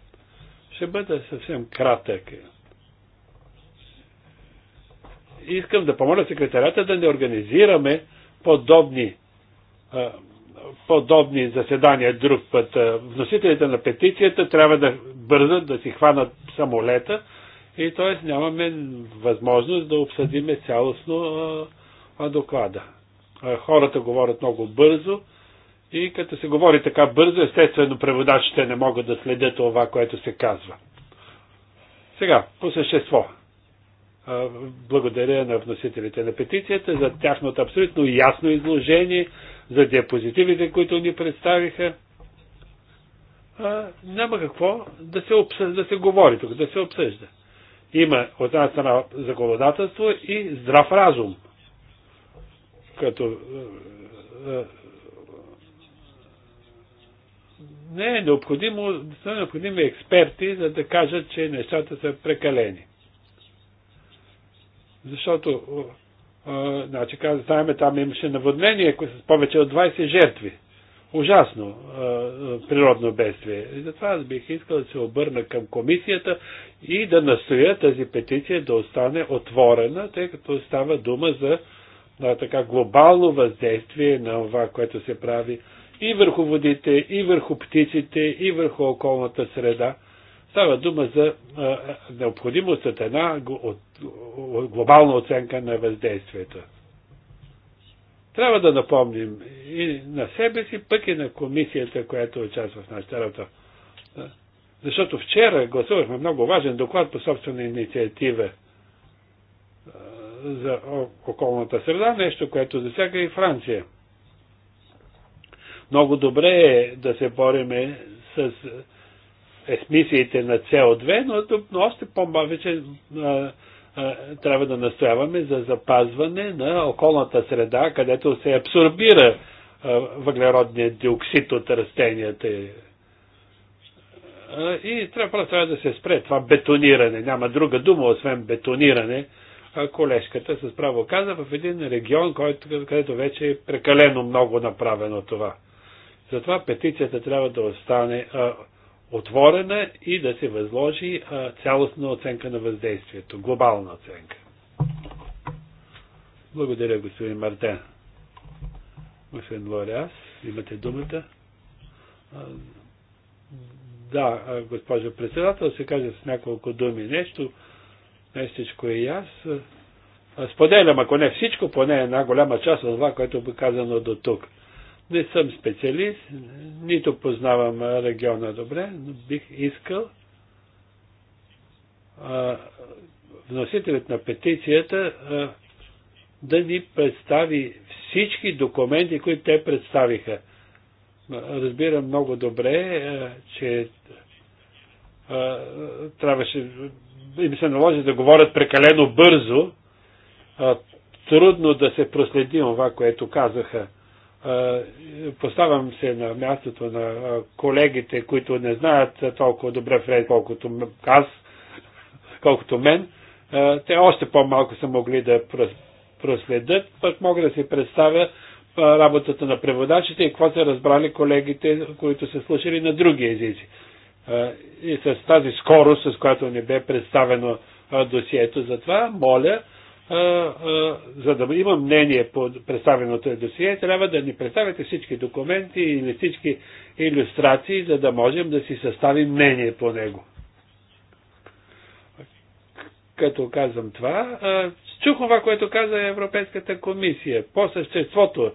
ще бъда съвсем кратък. Искам да помоля секретарята да не организираме подобни подобни заседания друг път. Вносителите на петицията трябва да бързат да си хванат самолета и т.е. нямаме възможност да обсъдиме цялостно а, доклада. А, хората говорят много бързо и като се говори така бързо, естествено преводачите не могат да следят това, което се казва. Сега, по същество. Благодаря на вносителите на петицията за тяхното абсолютно ясно изложение за диапозитивите, които ни представиха. А, няма какво да се, обсъжда, да се говори тук, да се обсъжда. Има от една страна законодателство и здрав разум. Като е, е, не е необходимо, не са необходими експерти, за да кажат, че нещата са прекалени. Защото Значи, знаеме, там имаше наводнение с повече от 20 жертви. Ужасно природно бедствие. И затова аз бих искал да се обърна към комисията и да настоя тази петиция да остане отворена, тъй като става дума за на така глобално въздействие на това, което се прави и върху водите, и върху птиците, и върху околната среда. Става дума за а, необходимост от една от глобална оценка на въздействието. Трябва да напомним и на себе си, пък и на комисията, която участва в нашата работа. Защото вчера гласувахме много важен доклад по собствена инициатива за околната среда, нещо, което засяга и Франция. Много добре е да се бориме с есмисиите на CO2, но, но още по малко трябва да настояваме за запазване на околната среда, където се абсорбира въглеродния диоксид от растенията. И трябва, просто трябва да се спре това бетониране. Няма друга дума, освен бетониране. Колежката се право каза в един регион, който, където вече е прекалено много направено това. Затова петицията трябва да остане отворена и да се възложи цялостна оценка на въздействието, глобална оценка. Благодаря, господин Мартен. Господин Лориас, имате думата. Да, госпожо председател, се каже с няколко думи нещо. Нещичко и аз. Споделям, ако не всичко, поне една голяма част от това, което бе казано до тук. Не съм специалист, нито познавам региона добре, но бих искал вносителят на петицията да ни представи всички документи, които те представиха. Разбирам много добре, че трябваше им се наложи да говорят прекалено бързо, трудно да се проследим това, което казаха. Поставям се на мястото на колегите, които не знаят толкова добре Фред, колкото аз, колкото мен. Те още по-малко са могли да проследят, пък мога да си представя работата на преводачите и какво са разбрали колегите, които са слушали на други езици. И с тази скорост, с която ни бе представено досието, за това, моля за да има мнение по представеното досие, трябва да ни представите всички документи или всички иллюстрации, за да можем да си съставим мнение по него. Като казвам това, чух това, което каза Европейската комисия по съществото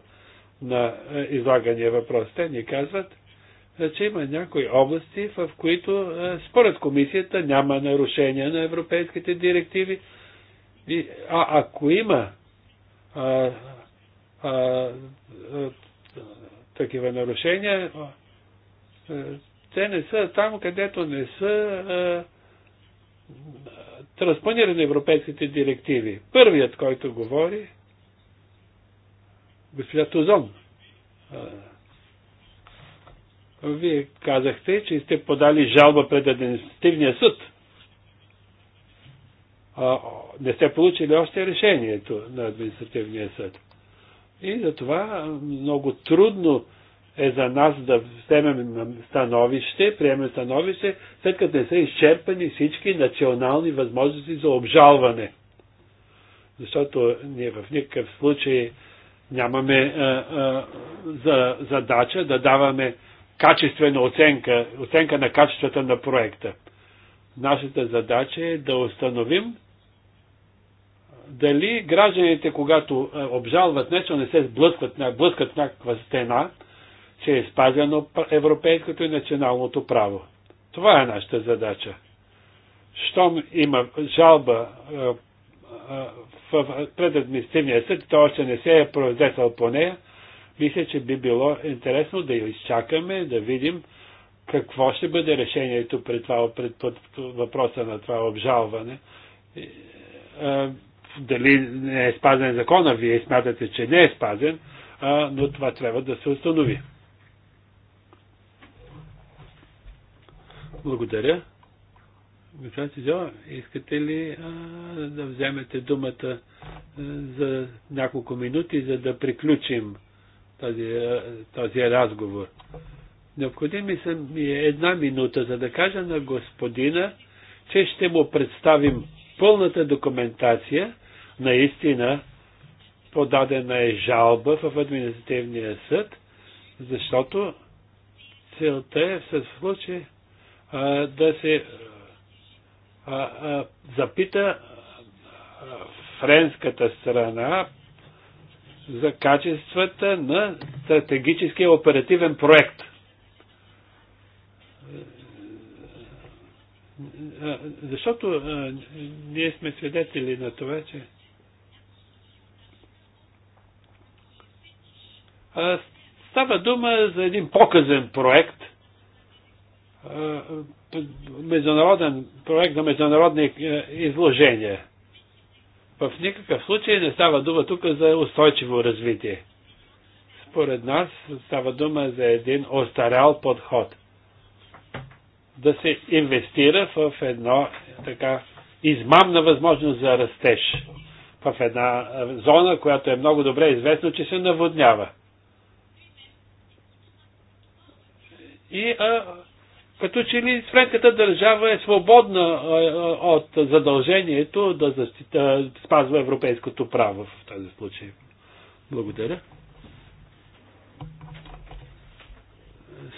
на излагания въпрос. Те ни казват, че има някои области, в които според комисията няма нарушения на европейските директиви, а ако има а, а, а, такива нарушения, те не са там, където не са а, транспонирани европейските директиви. Първият, който говори, госпожа Тузон, вие казахте, че сте подали жалба пред административния съд а, не сте получили още решението на административния съд. И затова много трудно е за нас да вземем становище, приемем становище, след като не са изчерпани всички национални възможности за обжалване. Защото ние в никакъв случай нямаме а, а, за задача да даваме качествена оценка, оценка на качествата на проекта. Нашата задача е да установим дали гражданите, когато е, обжалват нещо, не се сблъскват, блъскат някаква стена, че е спазено европейското и националното право. Това е нашата задача. Щом има жалба е, е, пред административния съд, то още не се е произнесъл по нея, мисля, че би било интересно да я изчакаме, да видим какво ще бъде решението пред, това, пред, пред въпроса на това обжалване дали не е спазен закона, вие смятате, че не е спазен, а, но това трябва да се установи. Благодаря. Господин Сизо, искате ли а, да вземете думата а, за няколко минути, за да приключим този, а, този разговор? Необходими са ми една минута, за да кажа на господина, че ще му представим пълната документация, наистина подадена е жалба в административния съд, защото целта е в случай а, да се а, а, запита френската страна за качествата на стратегическия оперативен проект. Защото а, ние сме свидетели на това, че а, става дума за един показен проект, а, международен проект на международни изложения. В никакъв случай не става дума тук за устойчиво развитие. Според нас става дума за един остарял подход да се инвестира в едно така измамна възможност за растеж в една зона, която е много добре известно, че се наводнява. И а, като че ли френската държава е свободна а, от задължението да защита, спазва европейското право в този случай. Благодаря.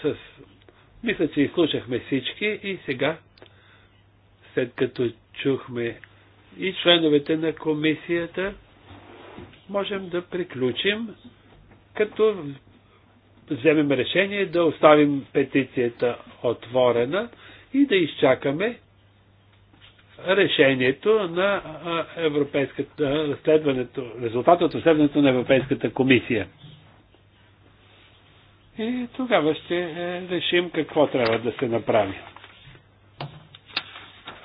С мисля, че изслушахме всички и сега, след като чухме и членовете на комисията, можем да приключим, като вземем решение да оставим петицията отворена и да изчакаме решението на европейската, резултата резултатът от следването на Европейската комисия. И тогава ще е, решим какво трябва да се направи.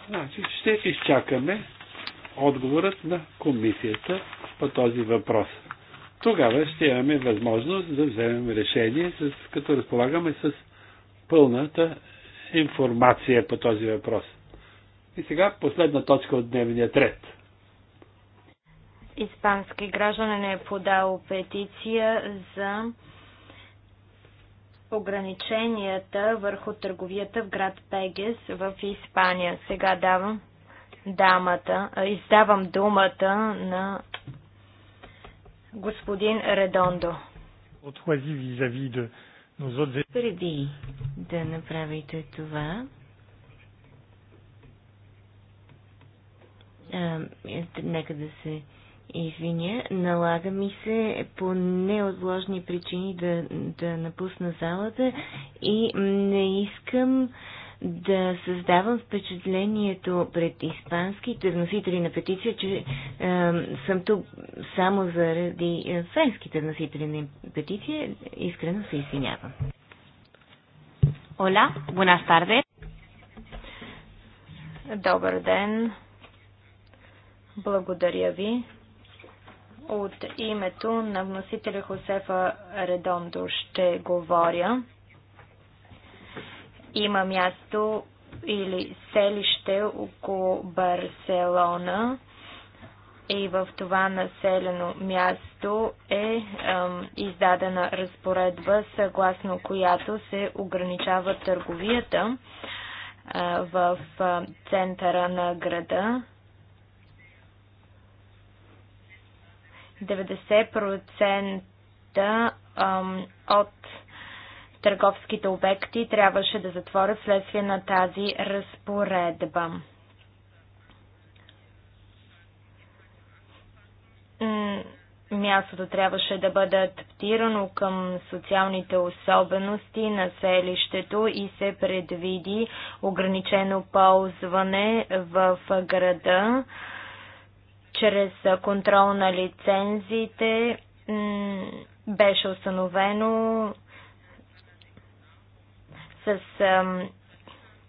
Значи ще изчакаме отговорът на комисията по този въпрос. Тогава ще имаме възможност да вземем решение, с, като разполагаме с пълната информация по този въпрос. И сега последна точка от дневния ред. Испански гражданин е подал петиция за ограниченията върху търговията в град Пегес в Испания. Сега давам дамата, издавам думата на господин Редондо. Преди да направите това, е, нека да се извиня, налага ми се по неотложни причини да, да напусна залата и не искам да създавам впечатлението пред испанските вносители на петиция, че е, съм тук само заради е, френските вносители на петиция. Искрено се извинявам. Оля, buenas tardes. Добър ден. Благодаря ви. От името на вносителя Хосефа Редондо ще говоря. Има място или селище около Барселона и в това населено място е, е издадена разпоредба, съгласно която се ограничава търговията е, в центъра на града 90% от търговските обекти трябваше да затворят следствие на тази разпоредба. Мястото трябваше да бъде адаптирано към социалните особености на селището и се предвиди ограничено ползване в града чрез контрол на лицензиите беше установено с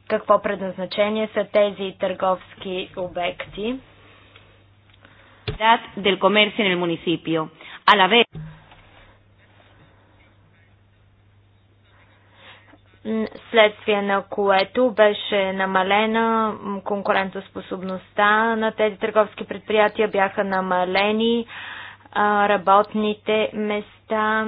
какво предназначение са тези търговски обекти. del comercio en el municipio. A la vez. следствие на което беше намалена конкурентоспособността на тези търговски предприятия, бяха намалени работните места.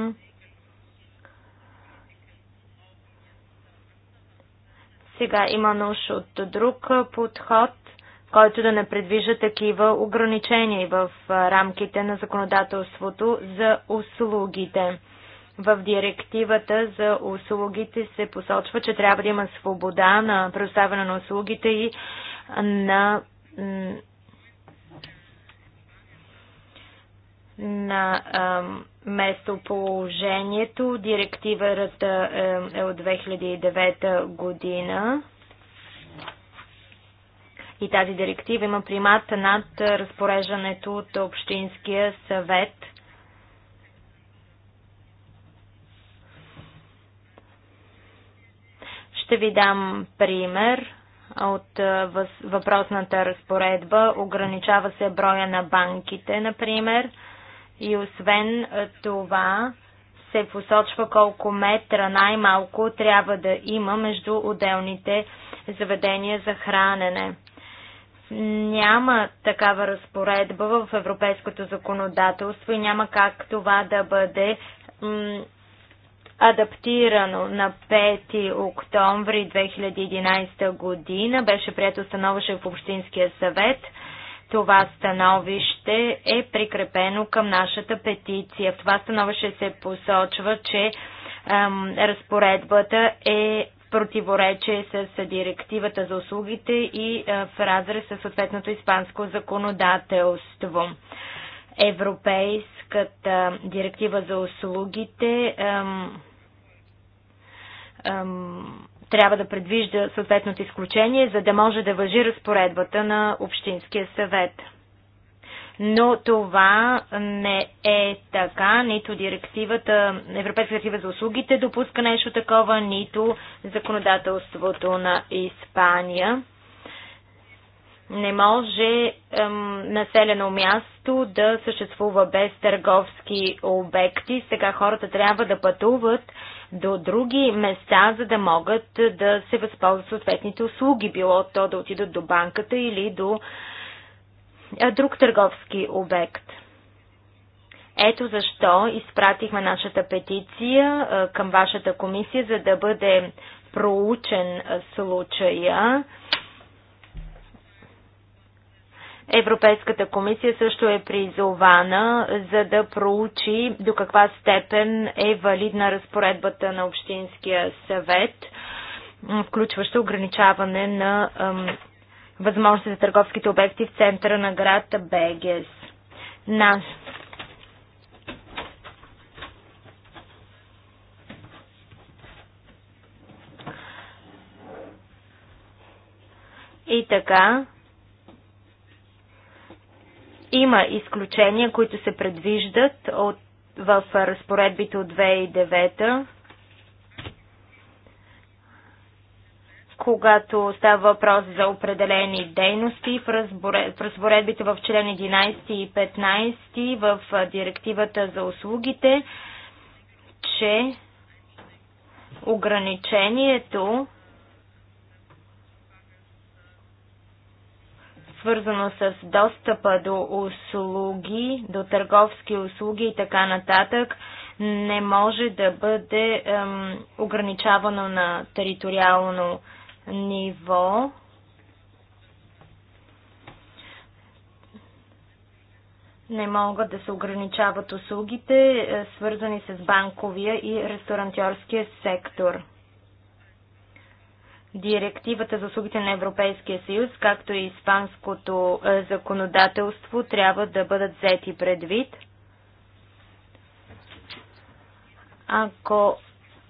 Сега има нужда от друг подход, който да не предвижда такива ограничения в рамките на законодателството за услугите. В директивата за услугите се посочва, че трябва да има свобода на предоставяне на услугите и на на е, местоположението. Директивата е, е от 2009 година и тази директива има примат над разпореждането от Общинския съвет – Ще ви дам пример от въпросната разпоредба. Ограничава се броя на банките, например, и освен това се посочва колко метра най-малко трябва да има между отделните заведения за хранене. Няма такава разпоредба в европейското законодателство и няма как това да бъде адаптирано на 5 октомври 2011 година. Беше прието становище в Общинския съвет. Това становище е прикрепено към нашата петиция. В това становище се посочва, че ем, разпоредбата е в противоречие с директивата за услугите и е, в разрез с съответното испанско законодателство. Европейската директива за услугите ем, трябва да предвижда съответното изключение, за да може да въжи разпоредбата на Общинския съвет. Но това не е така, нито директивата, Европейска директива за услугите допуска нещо такова, нито законодателството на Испания. Не може ем, населено място да съществува без търговски обекти. Сега хората трябва да пътуват до други места, за да могат да се възползват съответните услуги, било то да отидат до банката или до друг търговски обект. Ето защо изпратихме нашата петиция към вашата комисия, за да бъде проучен случая Европейската комисия също е призована за да проучи до каква степен е валидна разпоредбата на Общинския съвет, включваща ограничаване на възможности за търговските обекти в центъра на град Бегес. На И така, има изключения, които се предвиждат от, в разпоредбите от 2009 когато става въпрос за определени дейности в, разпоредбите в член 11 и 15 в директивата за услугите, че ограничението свързано с достъпа до услуги, до търговски услуги и така нататък, не може да бъде ем, ограничавано на териториално ниво. Не могат да се ограничават услугите, е, свързани с банковия и ресторантьорския сектор. Директивата за услугите на Европейския съюз, както и испанското е, законодателство, трябва да бъдат взети предвид. Ако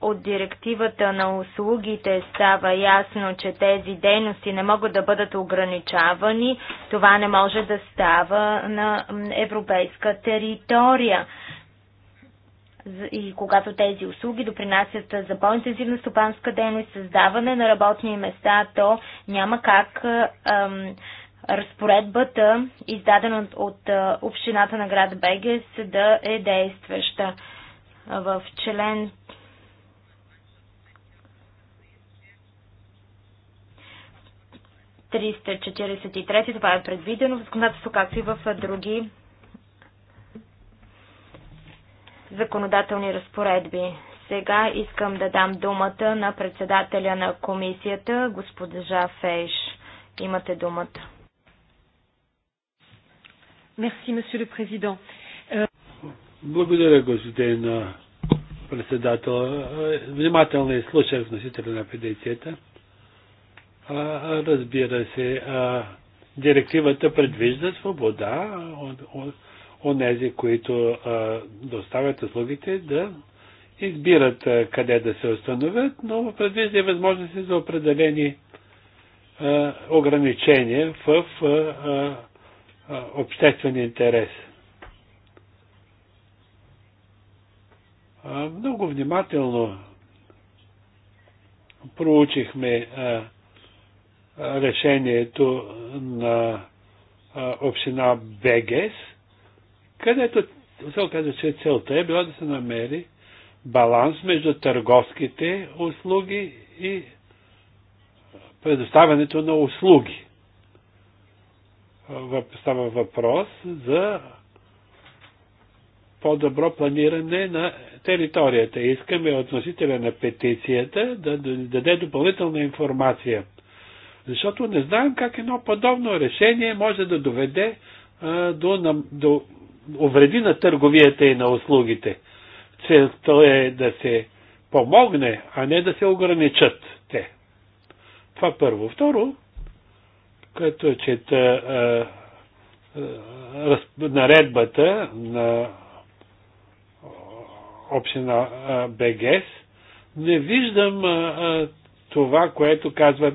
от директивата на услугите става ясно, че тези дейности не могат да бъдат ограничавани, това не може да става на европейска територия и когато тези услуги допринасят за по-интензивна стопанска дейност, създаване на работни места, то няма как ам, разпоредбата, издадена от, от общината на град Бегес, да е действаща. В член ...343, това е предвидено в законодателство, както и в други законодателни разпоредби. Сега искам да дам думата на председателя на комисията, госпожа Фейш. Имате думата. Мерси, месье президент. Благодаря, господин председател. Е, внимателно изслушах вносителя на петицията. Разбира се, директивата предвижда свобода от онези, които а, доставят услугите, да избират а, къде да се установят, но предвижда и възможности за определени а, ограничения в а, а, обществен интерес. А, много внимателно проучихме а, решението на а, община Бегес – където се оказа, че целта е била да се намери баланс между търговските услуги и предоставянето на услуги. Става въпрос за по-добро планиране на територията. Искаме относителя на петицията да даде допълнителна информация. Защото не знаем как едно подобно решение може да доведе а, до, до увреди на търговията и на услугите. Целта е да се помогне, а не да се ограничат те. Това първо. Второ, като е, чета а, а, наредбата на община а, БГС, не виждам а, а, това, което казва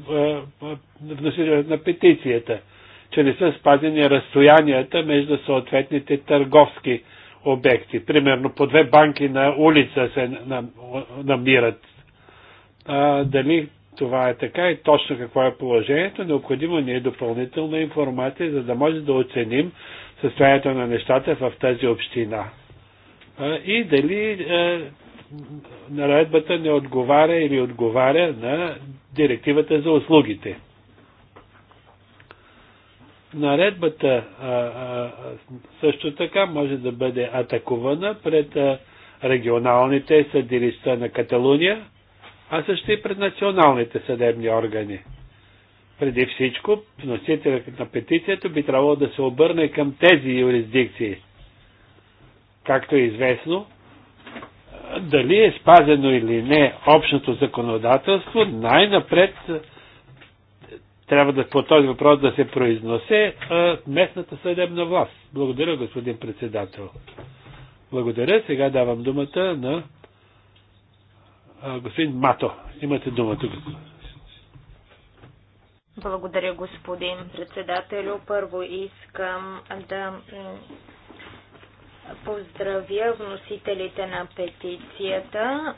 вносителят на петицията че не са спазени разстоянията между съответните търговски обекти. Примерно по две банки на улица се намират. А, дали това е така и точно какво е положението, необходимо ни е допълнителна информация, за да може да оценим състоянието на нещата в тази община. А, и дали е, наредбата не отговаря или отговаря на директивата за услугите. Наредбата а, а, също така може да бъде атакувана пред а, регионалните съдилища на Каталуния, а също и пред националните съдебни органи. Преди всичко, носителят на петицията би трябвало да се обърне към тези юрисдикции. Както е известно, дали е спазено или не общото законодателство, най-напред трябва да по този въпрос да се произнесе местната съдебна власт. Благодаря, господин председател. Благодаря. Сега давам думата на а, господин Мато. Имате думата, господин. Благодаря, господин председателю. Първо искам да поздравя вносителите на петицията.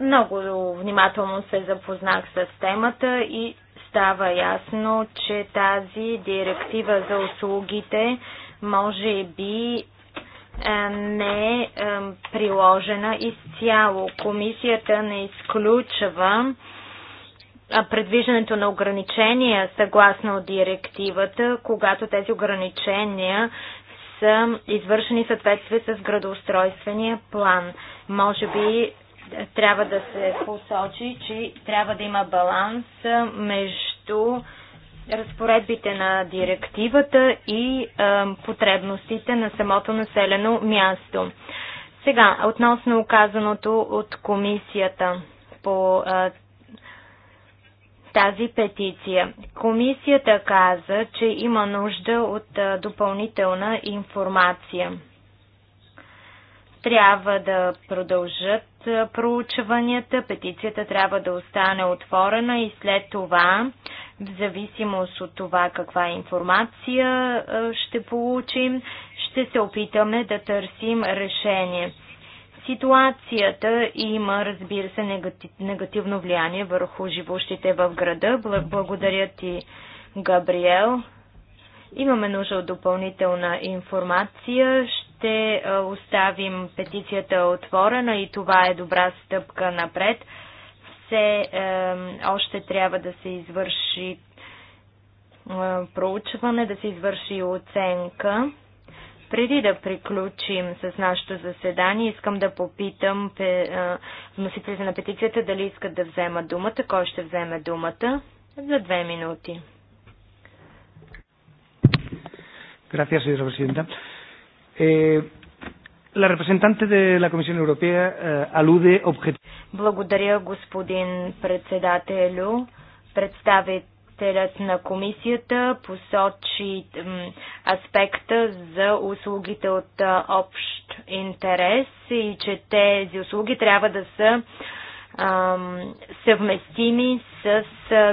Много внимателно се запознах с темата и става ясно, че тази директива за услугите може би е, не е, е приложена изцяло. Комисията не изключва предвиждането на ограничения съгласно директивата, когато тези ограничения са извършени в съответствие с градоустройствения план. Може би трябва да се посочи, че трябва да има баланс между разпоредбите на директивата и потребностите на самото населено място. Сега, относно оказаното от комисията по тази петиция. Комисията каза, че има нужда от допълнителна информация. Трябва да продължат проучванията. Петицията трябва да остане отворена и след това, в зависимост от това каква информация ще получим, ще се опитаме да търсим решение. Ситуацията има, разбира се, негативно влияние върху живущите в града. Благодаря ти, Габриел. Имаме нужда от допълнителна информация. Ще ще е, оставим петицията отворена и това е добра стъпка напред. Все е, още трябва да се извърши е, проучване, да се извърши оценка. Преди да приключим с нашето заседание, искам да попитам е, вносителите на петицията дали искат да вземат думата. Кой ще вземе думата? За две минути. Gracias, señora presidenta. Eh, la representante de la Comisión Europea eh, alude Благодаря, господин председателю. Представителят на комисията посочи аспекта за услугите от общ интерес и че тези услуги трябва да са съвместими с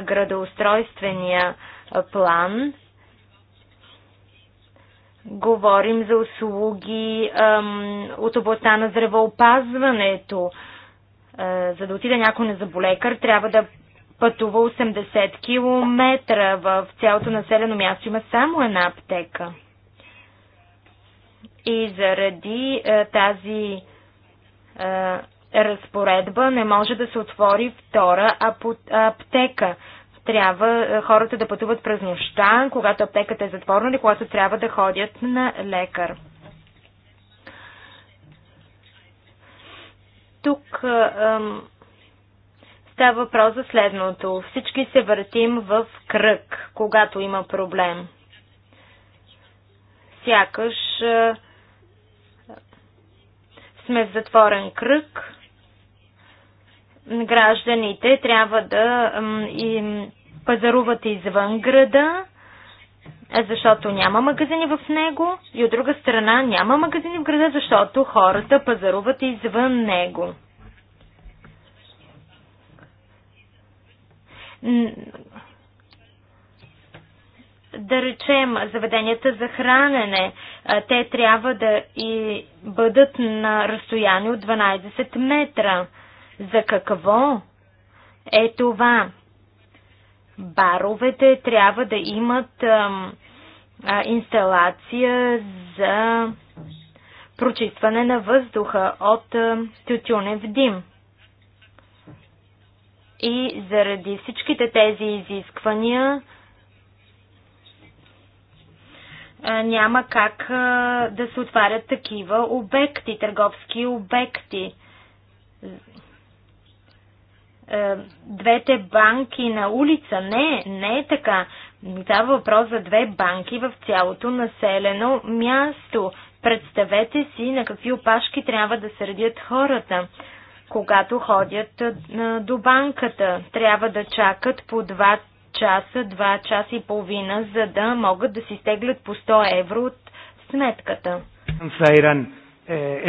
градоустройствения план Говорим за услуги ам, от областта на здравеопазването. А, е, за да отиде някой на заболекар, трябва да пътува 80 км. В цялото населено място има само една аптека. И заради а, е, тази а, е, разпоредба не може да се отвори втора апотека трябва е, хората да пътуват през нощта, когато аптеката е затворена или когато трябва да ходят на лекар. Тук е, ам, става въпрос за следното. Всички се въртим в кръг, когато има проблем. Сякаш а, е, сме в затворен кръг гражданите трябва да им пазаруват извън града, защото няма магазини в него и от друга страна няма магазини в града, защото хората пазаруват извън него. Да речем, заведенията за хранене, те трябва да и бъдат на разстояние от 12 метра. За какво е това? баровете трябва да имат а, а, инсталация за прочистване на въздуха от а, тютюнев дим. И заради всичките тези изисквания няма как да се отварят такива обекти, търговски обекти. Е, двете банки на улица. Не, не е така. Става въпрос за две банки в цялото населено място. Представете си на какви опашки трябва да се редят хората, когато ходят е, до банката. Трябва да чакат по два часа, два часа и половина, за да могат да си стеглят по 100 евро от сметката. Е,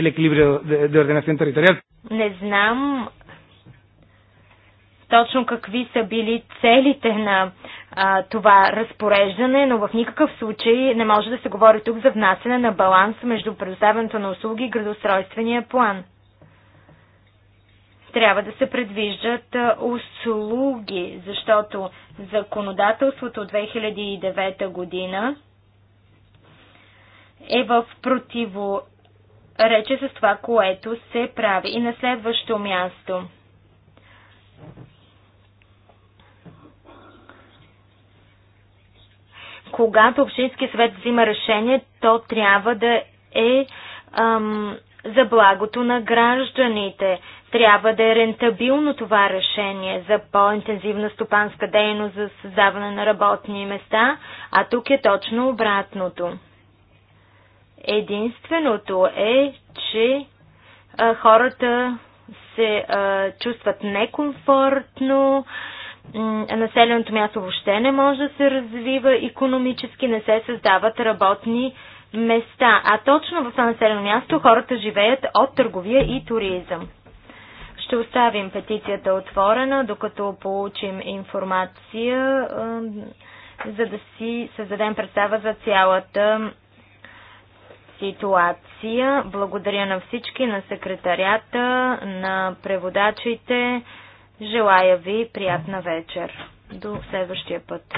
не знам точно какви са били целите на а, това разпореждане, но в никакъв случай не може да се говори тук за внасяне на баланс между предоставянето на услуги и градостройствения план. Трябва да се предвиждат услуги, защото законодателството от 2009 година е в противоречие с това, което се прави. И на следващо място – когато Общински съвет взима решение, то трябва да е ам, за благото на гражданите. Трябва да е рентабилно това решение за по-интензивна стопанска дейност за създаване на работни места, а тук е точно обратното. Единственото е, че а, хората се а, чувстват некомфортно, а, населеното място въобще не може да се развива економически, не се създават работни места. А точно в това населено място хората живеят от търговия и туризъм. Ще оставим петицията отворена, докато получим информация, за да си създадем представа за цялата ситуация. Благодаря на всички, на секретарята, на преводачите, Желая ви приятна вечер. До следващия път.